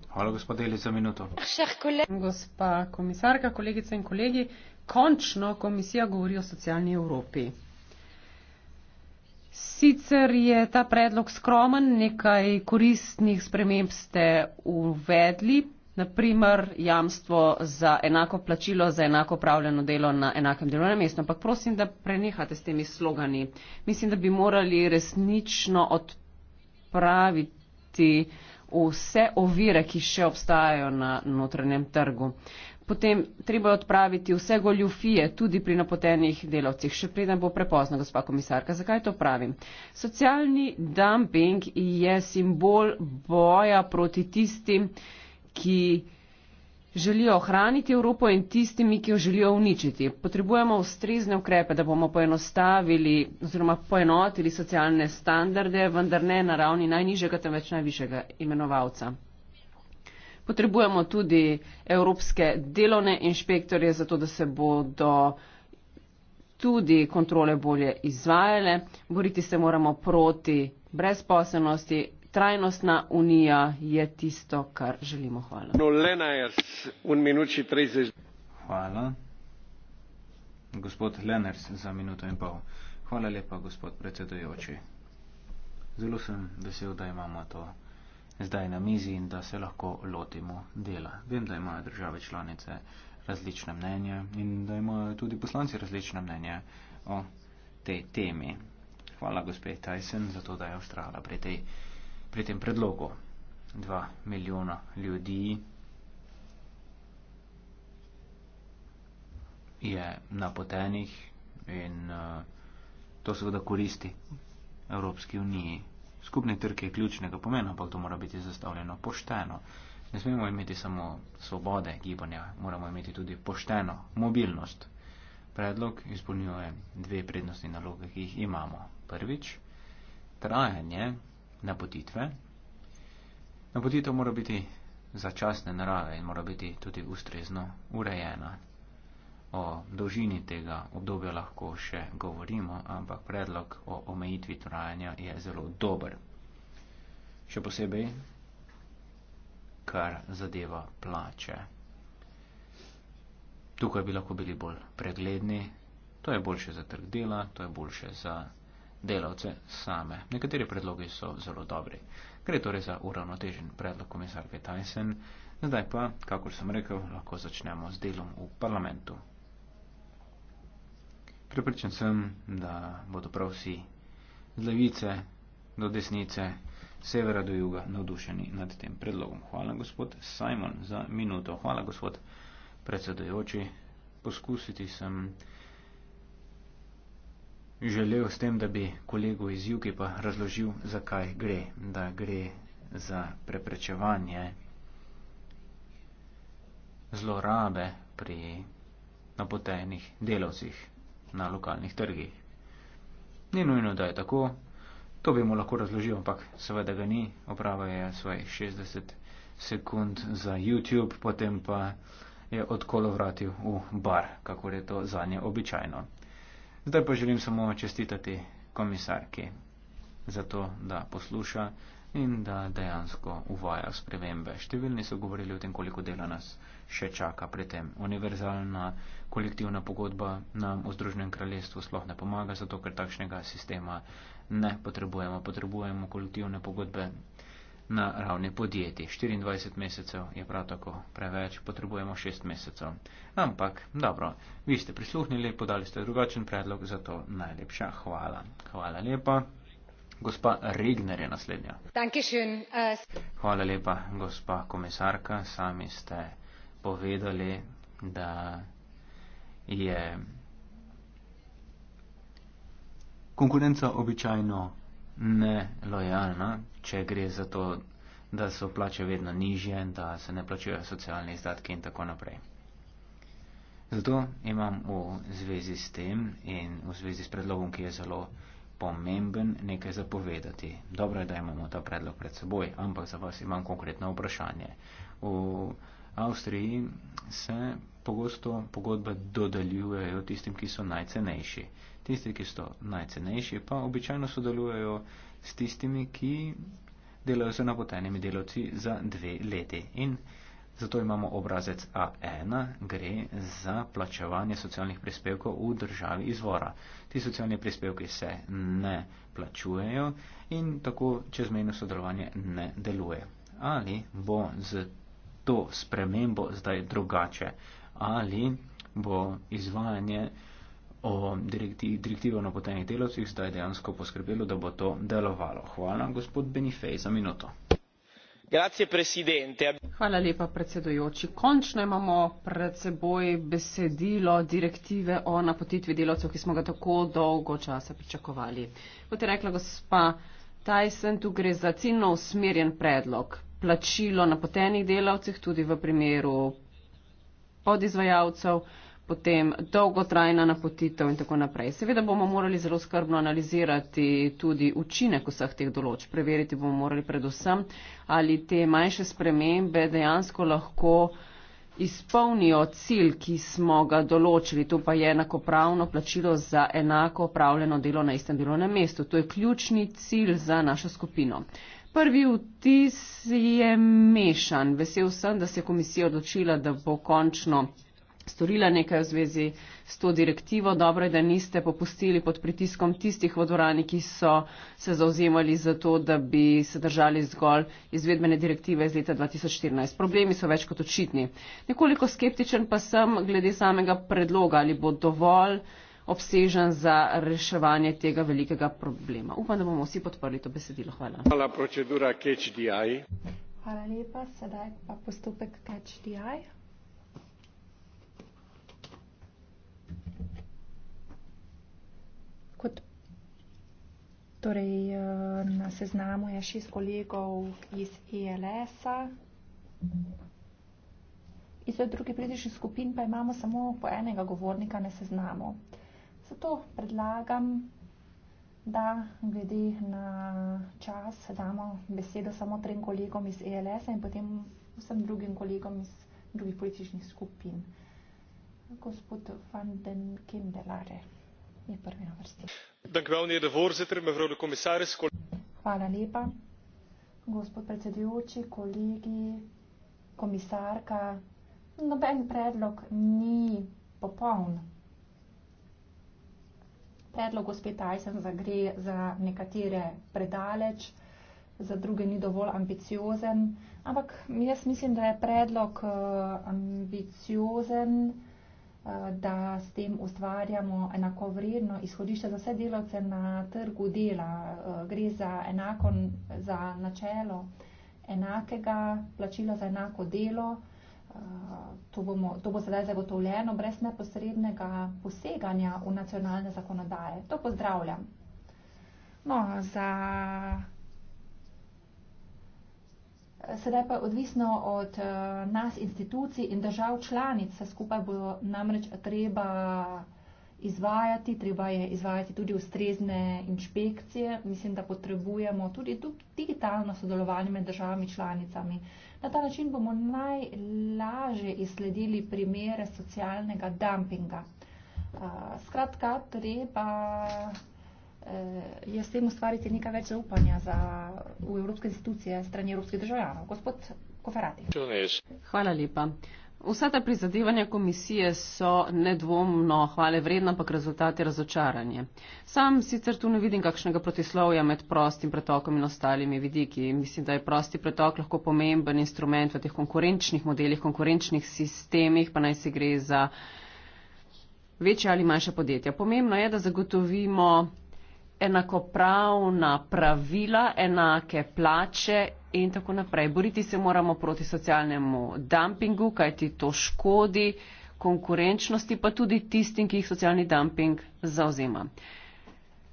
Hvala, gospod Eli, za minuto. Gospa komisarka, kolegice in kolegi, končno komisija govori o socialni Evropi. Sicer je ta predlog skromen, nekaj koristnih sprememb ste uvedli, naprimer jamstvo za enako plačilo, za enako upravljeno delo na enakem delovnem mestu. Ampak prosim, da prenehate s temi slogani. Mislim, da bi morali resnično odpraviti vse ovire, ki še obstajajo na notranjem trgu. Potem treba je odpraviti vse goljufije, tudi pri napotenih delavcih. Še preden bo prepozno, gospa komisarka, zakaj to pravim? Socialni dumping je simbol boja proti tistim, ki želijo ohraniti Evropo in tistimi, ki jo želijo uničiti. Potrebujemo ustrezne ukrepe, da bomo poenostavili oziroma poenotili socialne standarde, vendar ne na ravni najnižjega, temveč najvišjega imenovalca. Potrebujemo tudi evropske delovne inšpektorje, zato da se bodo tudi kontrole bolje izvajale. Boriti se moramo proti brezposelnosti, trajnostna unija je tisto kar želimo. Hvala. No, Hvala. Gospod Lenners za minuto in pol. Hvala lepa, gospod predsedujoči. Zelo sem vesel, da imamo to zdaj na mizi in da se lahko lotimo dela. Vem, da imajo države članice različne mnenje in da imajo tudi poslanci različne mnenje o tej temi. Hvala, gospod Tyson, za to, da je ostala pri tej temi pri tem predlogu. Dva milijona ljudi je napotenih in uh, to seveda koristi Evropski uniji. Skupni trg je ključnega pomena, ampak to mora biti zastavljeno pošteno. Ne smemo imeti samo svobode gibanja, moramo imeti tudi pošteno mobilnost. Predlog izpolnjuje dve prednostni naloge, ki jih imamo. Prvič, trajanje napotitve. Napotitev mora biti začasne narave in mora biti tudi ustrezno urejena. O dolžini tega obdobja lahko še govorimo, ampak predlog o omejitvi trajanja je zelo dober. Še posebej, kar zadeva plače. Tukaj bi lahko bili bolj pregledni, to je boljše za trg dela, to je boljše za delavce same. Nekateri predlogi so zelo dobri. Gre torej za uravnotežen predlog komisarke Tyson. Zdaj pa, kakor sem rekel, lahko začnemo z delom v parlamentu. Prepričan sem, da bodo prav vsi z levice do desnice, severa do juga navdušeni nad tem predlogom. Hvala gospod Simon za minuto. Hvala gospod predsedujoči. Poskusiti sem želel s tem, da bi kolegu iz Juki pa razložil, zakaj gre, da gre za preprečevanje zlorabe pri napotenih delavcih na lokalnih trgih. Ni nujno, da je tako, to bi mu lahko razložil, ampak seveda ga ni, oprava je svojih 60 sekund za YouTube, potem pa je odkolo vratil v bar, kako je to zanje običajno. Zdaj pa želim samo čestitati komisarki za to, da posluša in da dejansko uvaja spremembe. Številni so govorili o tem, koliko dela nas še čaka pri tem. Univerzalna kolektivna pogodba nam v Združenem kraljestvu sploh ne pomaga, zato ker takšnega sistema ne potrebujemo. Potrebujemo kolektivne pogodbe na ravni podjetij. 24 mesecev je prav tako preveč, potrebujemo 6 mesecev. Ampak, dobro, vi ste prisluhnili, podali ste drugačen predlog, zato najlepša hvala. Hvala lepa. Gospa Regner je naslednja. Äh, hvala lepa, gospa komisarka. Sami ste povedali, da je konkurenca običajno nelojalna, če gre za to, da so plače vedno nižje, da se ne plačujejo socialne izdatke in tako naprej. Zato imam v zvezi s tem in v zvezi s predlogom, ki je zelo pomemben, nekaj zapovedati. Dobro je, da imamo ta predlog pred seboj, ampak za vas imam konkretno vprašanje. V Avstriji se pogosto pogodbe dodeljujejo tistim, ki so najcenejši. Uh, Tisti, ki so najcenejši, pa običajno sodelujejo s tistimi, ki delajo z napotenimi delavci za dve leti. In zato imamo obrazec A1, gre za plačevanje socialnih prispevkov v državi izvora. Ti socialni prispevki se ne plačujejo in tako čezmejno sodelovanje ne deluje. Ali bo z to spremembo zdaj drugače, ali bo izvajanje o direktivi, direktivi o napotenih delovcih zdaj dejansko poskrbelo, da bo to delovalo. Hvala, gospod Benifej, za minuto. Hvala lepa, predsedojoči. Končno imamo pred seboj besedilo direktive o napotitvi delovcev, ki smo ga tako dolgo časa pričakovali. Kot je rekla gospa Tyson, tu gre za ciljno usmerjen predlog. Plačilo napotenih delovcev, tudi v primeru podizvajalcev, potem dolgotrajna napotitev in tako naprej. Seveda bomo morali zelo skrbno analizirati tudi učinek vseh teh določ. Preveriti bomo morali predvsem, ali te manjše spremembe dejansko lahko izpolnijo cilj, ki smo ga določili. To pa je enakopravno plačilo za enako opravljeno delo na istem delovnem mestu. To je ključni cilj za našo skupino. Prvi vtis je mešan. Vesel sem, da se je komisija odločila, da bo končno storila nekaj v zvezi s to direktivo. Dobro je, da niste popustili pod pritiskom tistih v dvorani, ki so se zauzemali za to, da bi se držali zgolj izvedbene direktive iz leta 2014. Problemi so več kot očitni. Nekoliko skeptičen pa sem glede samega predloga, ali bo dovolj obsežen za reševanje tega velikega problema. Upam, da bomo vsi podprli to besedilo. Hvala. Hvala, procedura KHDI. Hvala lepa, sedaj pa postopek KHDI. Torej, eh, na seznamu je šest kolegov iz ELS-a. Iz drugih političnih skupin pa imamo samo po enega govornika na seznamu. Zato predlagam, da glede na čas damo besedo samo trem kolegom iz ELS-a in potem vsem drugim kolegom iz drugih političnih skupin. Gospod Van den Kindelare. Hvala lepa. Gospod predsedujoči, kolegi, komisarka, noben predlog ni popoln. Predlog gospe Tyson zagre za nekatere predaleč, za druge ni dovolj ambiciozen, ampak jaz mislim, da je predlog eh, ambiciozen. Eh, da s tem ustvarjamo enakovredno izhodišče za vse delavce na trgu dela. Eh, gre za enako za načelo enakega plačila za enako delo. Eh, to, bomo, to bo sedaj zagotovljeno brez neposrednega poseganja v nacionalne zakonodaje. To pozdravljam. No, za Sedaj pa odvisno od eh, nas, institucij in držav članic, se skupaj bo namreč treba izvajati, treba je izvajati tudi ustrezne inšpekcije. Mislim, da potrebujemo tudi digitalno sodelovanje med državami članicami. Na ta način bomo najlažje izsledili primere socialnega dumpinga. Eh, skratka, treba Eh, je s tem ustvariti nekaj več zaupanja za, v evropske institucije strani evropskih državljanov. Gospod Koferati. Hvala lepa. Vsa ta prizadevanja komisije so nedvomno hvale vredna, ampak rezultat je razočaranje. Sam sicer tu ne vidim kakšnega protislovja med prostim pretokom in ostalimi vidiki. Mislim, da je prosti pretok lahko pomemben instrument v teh konkurenčnih modelih, konkurenčnih sistemih, pa naj se gre za večja ali manjša podjetja. Pomembno je, da zagotovimo enakopravna pravila, enake plače in tako naprej. Boriti se moramo proti socialnemu dumpingu, kajti to škodi konkurenčnosti, pa tudi tistim, ki jih socialni dumping zauzema.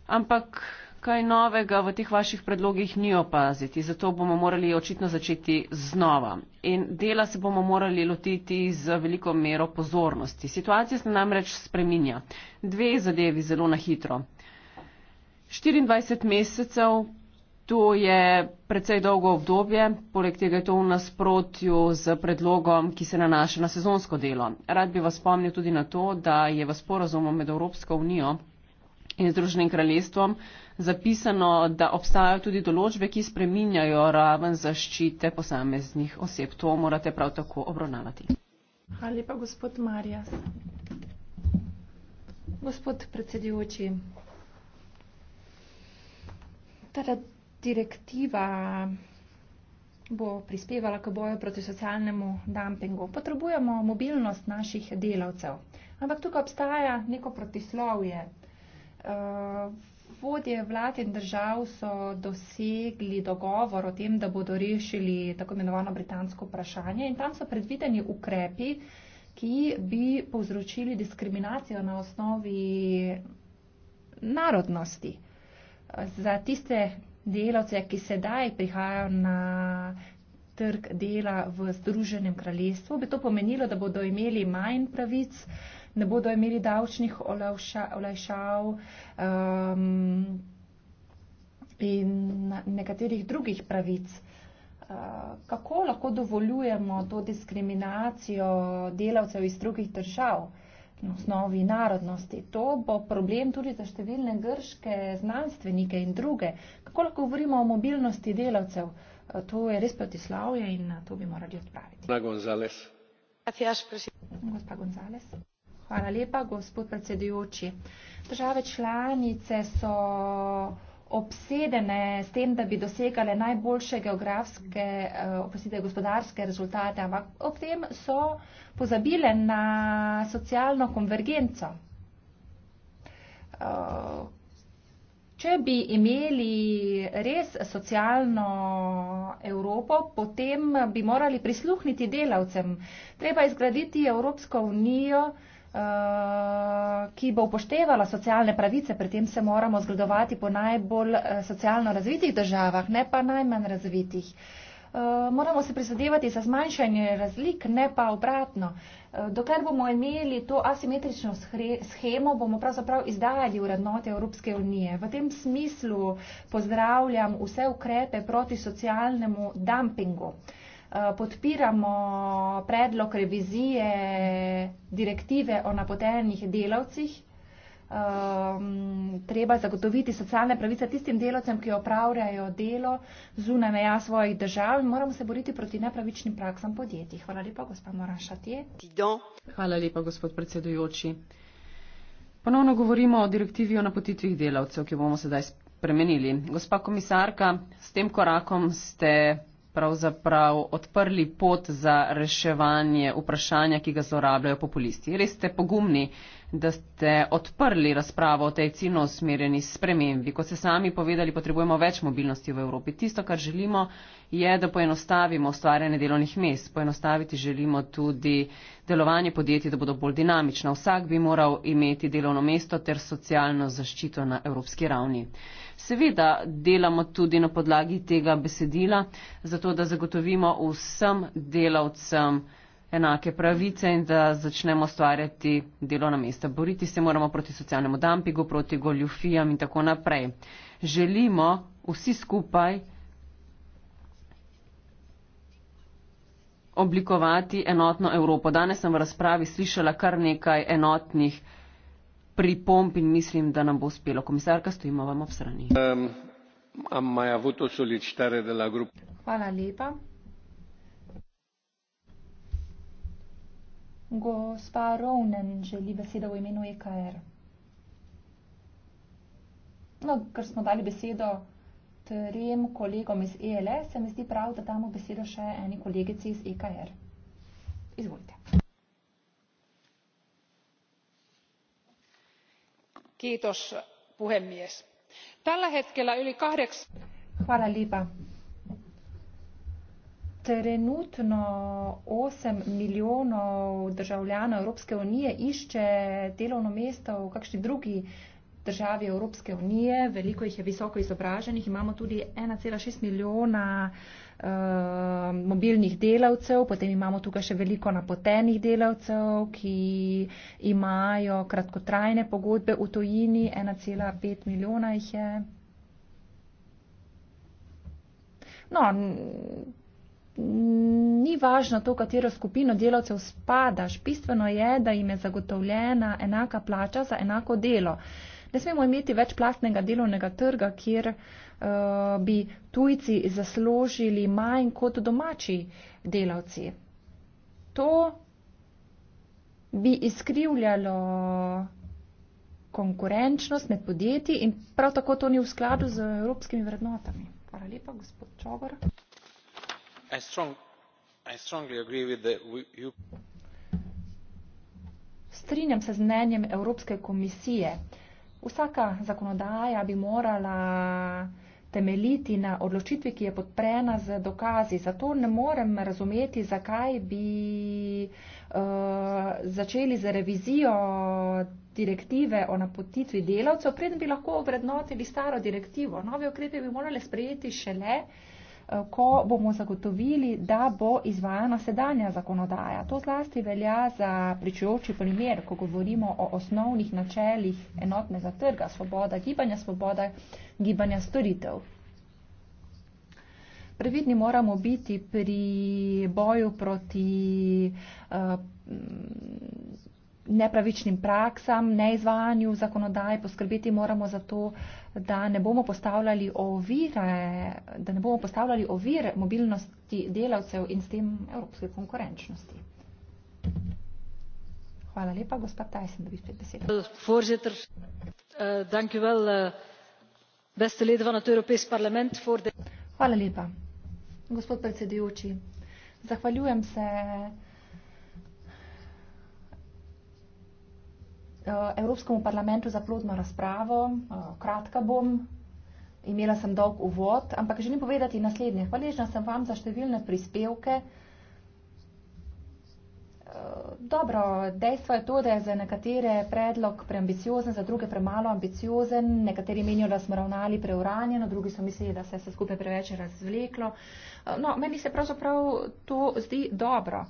Ampak kaj novega v teh vaših predlogih ni opaziti, zato bomo morali očitno začeti znova. In dela se bomo morali lotiti z veliko mero pozornosti. Situacija se namreč spreminja. Dve zadevi zelo na hitro. 24 mesecev, to je precej dolgo obdobje, poleg tega je to v nasprotju z predlogom, ki se nanaša na sezonsko delo. Rad bi vas spomnil tudi na to, da je v sporozumu med Evropsko unijo in Združenim kraljestvom zapisano, da obstajajo tudi določbe, ki spreminjajo raven zaščite posameznih oseb. To morate prav tako obravnavati. Hvala lepa, gospod Marjas. Gospod predsedujoči, ta direktiva bo prispevala k boju proti socialnemu dumpingu. Potrebujemo mobilnost naših delavcev. Ampak tukaj obstaja neko protislovje. Eh, vodje vlad in držav so dosegli dogovor o tem, da bodo rešili tako imenovano britansko vprašanje in tam so predvideni ukrepi, ki bi povzročili diskriminacijo na osnovi narodnosti za tiste delavce, ki sedaj prihajajo na trg dela v Združenem kraljestvu, bi to pomenilo, da bodo imeli manj pravic, ne bodo imeli davčnih olavša, olajšav um, in nekaterih drugih pravic. Uh, kako lahko dovoljujemo to diskriminacijo delavcev iz drugih držav? Uh, na osnovi narodnosti. To bo problem tudi za številne grške znanstvenike in druge. Kako lahko govorimo o mobilnosti delavcev? E, to je res protislavje in to bi morali odpraviti. Gospa Gonzales. Hvala lepa, gospod predsedujoči. Države članice so obsedene s tem, da bi dosegale najboljše geografske, eh, oprostite, gospodarske rezultate, ampak ob tem so pozabile na socialno konvergenco. Eh, če bi imeli res socialno Evropo, potem bi morali prisluhniti delavcem. Treba izgraditi Evropsko unijo, Eh, ki bo upoštevala socialne pravice, pri tem se moramo zgledovati po najbolj eh, socialno razvitih državah, ne pa najmanj razvitih. Eh, moramo se prizadevati za zmanjšanje razlik, ne pa obratno. Dokler bomo imeli to asimetrično schemo, bomo pravzaprav izdajali urednote Evropske unije. V tem smislu pozdravljam vse ukrepe proti socialnemu dumpingu. Eh, podpiramo predlog revizije direktive o napotenih delavcih. Um, treba zagotoviti socialne pravice tistim delavcem, ki opravljajo delo zunaj meja svojih držav in moramo se boriti proti nepravičnim praksam podjetij. Hvala lepa, gospod Morašatje. Hvala lepa, gospod predsedujoči. Ponovno govorimo o direktivi o napotitvih delavcev, ki bomo sedaj spremenili. Gospa komisarka, s tem korakom ste pravzaprav odprli pot za reševanje vprašanja, ki ga zlorabljajo populisti. Res ste pogumni, da ste odprli razpravo o tej ciljno usmerjeni spremembi. Kot ste sami povedali, potrebujemo več mobilnosti v Evropi. Tisto, kar želimo, je, da poenostavimo ustvarjanje delovnih mest. Poenostaviti želimo tudi delovanje podjetij, da bodo bolj dinamična. Vsak bi moral imeti delovno mesto ter socialno zaščito na evropski ravni. Seveda delamo tudi na podlagi tega besedila, zato da zagotovimo vsem delavcem, enake pravice in da začnemo stvarjati delovna mesta. Boriti se moramo proti socialnemu dampingu, proti goljufijam in tako naprej. Želimo vsi skupaj oblikovati enotno Evropo. Danes sem v razpravi slišala kar nekaj enotnih pripomp in mislim, da nam bo uspelo. Komisarka, stojimo vam ob strani. Um, Hvala lepa. Gospa Ronen želi besedo v imenu EKR. No, ker smo dali besedo trem kolegom iz ELS, se mi zdi prav, da damo besedo še eni kolegici iz EKR. Izvolite. Kitos, puhemies. Tällä hetkellä yli kahdeks... Hvala lepa trenutno 8 milijonov državljanov Evropske unije išče delovno mesto v kakšni drugi državi Evropske unije. Veliko jih je visoko izobraženih. Imamo tudi 1,6 milijona uh, mobilnih delavcev, potem imamo tukaj še veliko napotenih delavcev, ki imajo kratkotrajne pogodbe v tojini. 1,5 milijona jih je. No, ni važno to, katero skupino delavcev spadaš, bistveno je, da jim je zagotovljena enaka plača za enako delo. Ne smemo imeti več plastnega delovnega trga, kjer uh, bi tujci zaslužili manj kot domači delavci. To bi izkrivljalo konkurenčnost med podjetji in prav tako to ni v skladu z evropskimi vrednotami. Hvala lepa, gospod Čogor. Strinjam se z mnenjem Evropske komisije. Vsaka zakonodaja bi morala temeljiti na odločitvi, ki je podprena z dokazi. Zato ne morem razumeti, zakaj bi uh, začeli z revizijo direktive o napotitvi delavcev, preden bi lahko obrednotili staro direktivo. Nove ukrepe bi morali sprejeti šele, uh, Eh, ko bomo zagotovili, da bo izvajana sedanja zakonodaja. To zlasti velja za pričujoči primer, ko govorimo o osnovnih načeljih enotnega trga, svoboda gibanja, svoboda gibanja storitev. Previdni moramo biti pri boju proti. Uh, nepravičnim praksam, neizvajanju zakonodaje, poskrbeti moramo za to, da ne bomo postavljali ovire, da ne bomo postavljali ovire mobilnosti delavcev in s tem evropske konkurenčnosti. Hvala lepa, gospod Tyson, da bi spet besedo. Forzeter, uh, eh, thank you well, uh, eh, beste ledva na to Evropski parlament. Hvala lepa, gospod predsedujoči. Zahvaljujem se. Eh, Evropskemu parlamentu za plodno razpravo. Eh, kratka bom, imela sem dolg uvod, ampak želim povedati naslednje. Hvaležna sem vam za številne prispevke. Eh, dobro, dejstvo je to, da je za nekatere predlog preambiciozen, za druge premalo ambiciozen. Nekateri menijo, da smo ravnali preuranjeno, drugi so mislili, da se je vse skupaj preveč razvleklo. No, meni se pravzaprav to zdi dobro,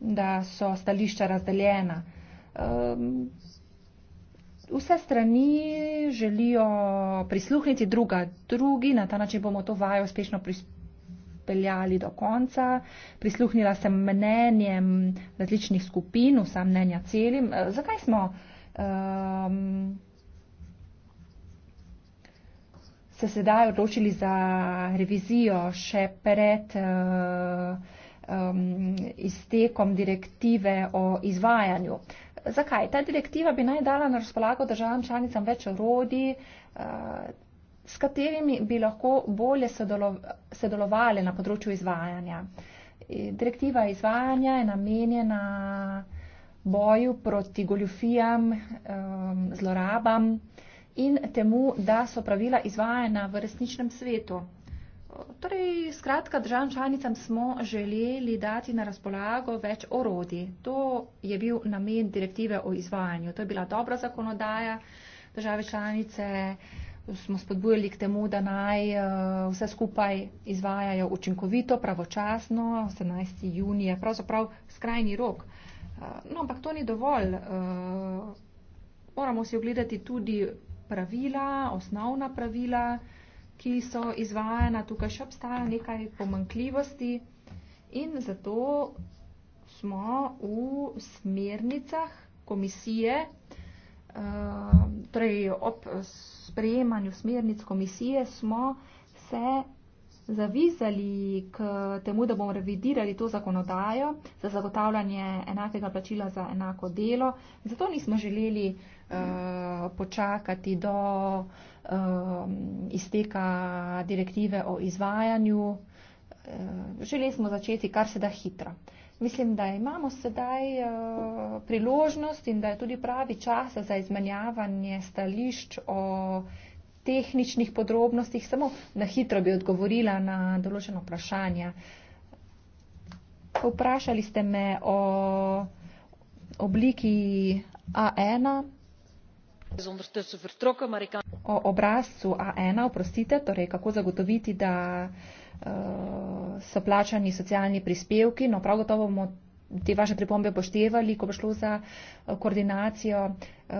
da so stališča razdeljena um, vse strani želijo prisluhniti druga drugi, na ta način bomo to vajo uspešno pripeljali do konca. Prisluhnila sem mnenjem različnih skupin, vsa mnenja celim. Uh, zakaj smo? Um, se sedaj odločili za revizijo še pred uh, um, iztekom direktive o izvajanju. Uh, Zakaj? Ta direktiva bi naj dala na razpolago državam članicam več orodi, eh, s katerimi bi lahko bolje sodelovali na področju izvajanja. E, direktiva izvajanja je namenjena boju proti goljufijam, ehm, zlorabam in temu, da so pravila izvajana v resničnem svetu. Torej, skratka, državam članicam smo želeli dati na razpolago več orodij. To je bil namen direktive o izvajanju. To je bila dobra zakonodaja. Države članice eh, smo spodbujali k temu, da naj eh, vse skupaj izvajajo učinkovito, pravočasno, 18. junija, pravzaprav skrajni rok. Eh, no, ampak to ni dovolj. Moramo si ogledati tudi pravila, osnovna pravila ki so izvajana, tukaj še obstaja nekaj pomankljivosti in zato smo v smernicah komisije, eh, torej ob sprejemanju smernic komisije smo se zavizali k temu, da bomo revidirali to zakonodajo za zagotavljanje enakega plačila za enako delo. Zato nismo želeli uh, počakati do uh, izteka direktive o izvajanju. Uh, želeli smo začeti kar se da hitro. Mislim, da imamo sedaj uh, priložnost in da je tudi pravi čas za izmenjavanje stališč o tehničnih podrobnostih, samo na hitro bi odgovorila na določeno vprašanje. Vprašali ste me o obliki A1, o obrazcu A1, oprostite, torej kako zagotoviti, da uh, so plačani socialni prispevki. No, prav gotovo bomo te vaše pripombe poštevali, ko bo šlo za eh, koordinacijo eh,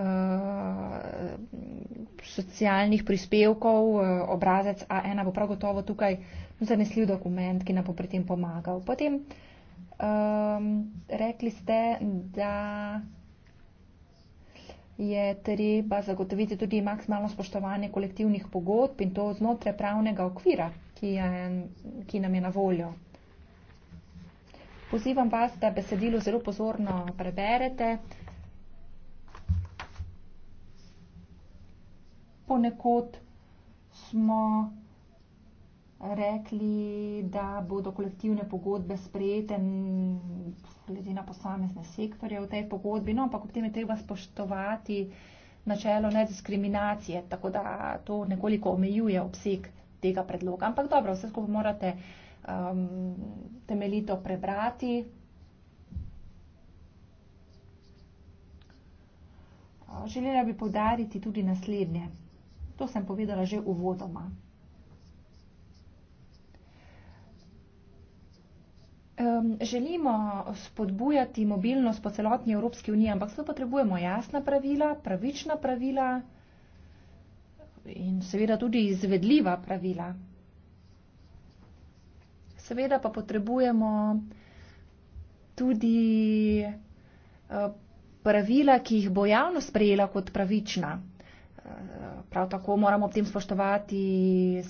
socialnih prispevkov, eh, obrazec A1 bo prav gotovo tukaj no, zanesljiv dokument, ki nam bo pri tem pomagal. Potem um, rekli ste, da je treba zagotoviti tudi maksimalno spoštovanje kolektivnih pogodb in to znotraj pravnega okvira, ki, je, ki nam je na voljo. Pozivam vas, da besedilo zelo pozorno preberete. Ponekod smo rekli, da bodo kolektivne pogodbe sprejete glede na posamezne sektorje v tej pogodbi, no, ampak ob tem je treba spoštovati načelo nediskriminacije, tako da to nekoliko omejuje obseg tega predloga. Ampak dobro, vse skupaj morate. Um, temeljito prebrati. Želela bi podariti tudi naslednje. To sem povedala že uvodoma. Želimo spodbujati mobilnost po celotni Evropski uniji, ampak zato potrebujemo jasna pravila, pravična pravila in seveda tudi izvedljiva pravila. Seveda pa potrebujemo tudi eh, pravila, ki jih bo javnost sprejela kot pravična. Eh, prav tako moramo ob tem spoštovati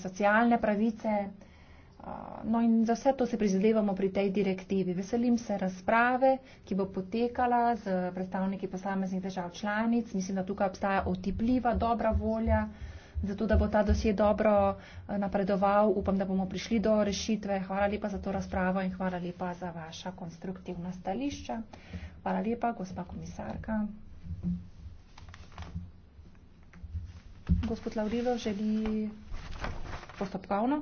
socialne pravice. Eh, no in za vse to se prizadevamo pri tej direktivi. Veselim se razprave, ki bo potekala z predstavniki posameznih držav članic. Mislim, da tukaj obstaja otipljiva, dobra volja zato da bo ta dosje dobro eh, napredoval. Upam, da bomo prišli do rešitve. Hvala lepa za to razpravo in hvala lepa za vaša konstruktivna stališča. Hvala lepa, gospa komisarka. Gospod Laurilo želi postopkovno.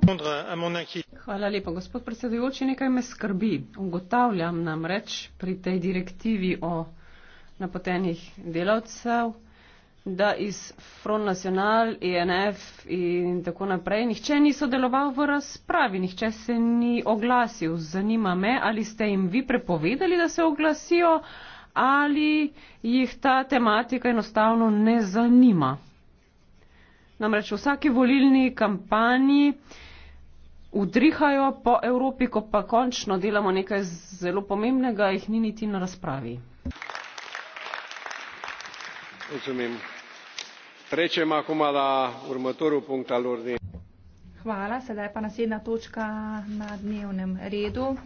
Hvala lepa, gospod predsedujoči. Nekaj me skrbi. Ugotavljam namreč pri tej direktivi o napotenih delavcev da iz Front National, INF e in tako naprej nihče ni sodeloval v razpravi, nihče se ni oglasil. Zanima me, ali ste jim vi prepovedali, da se oglasijo, ali jih ta tematika enostavno ne zanima. Namreč v vsaki volilni kampanji udrihajo po Evropi, ko pa končno delamo nekaj zelo pomembnega, jih ni niti na razpravi hvala sedaj je pa naslednja točka na dnevnem redu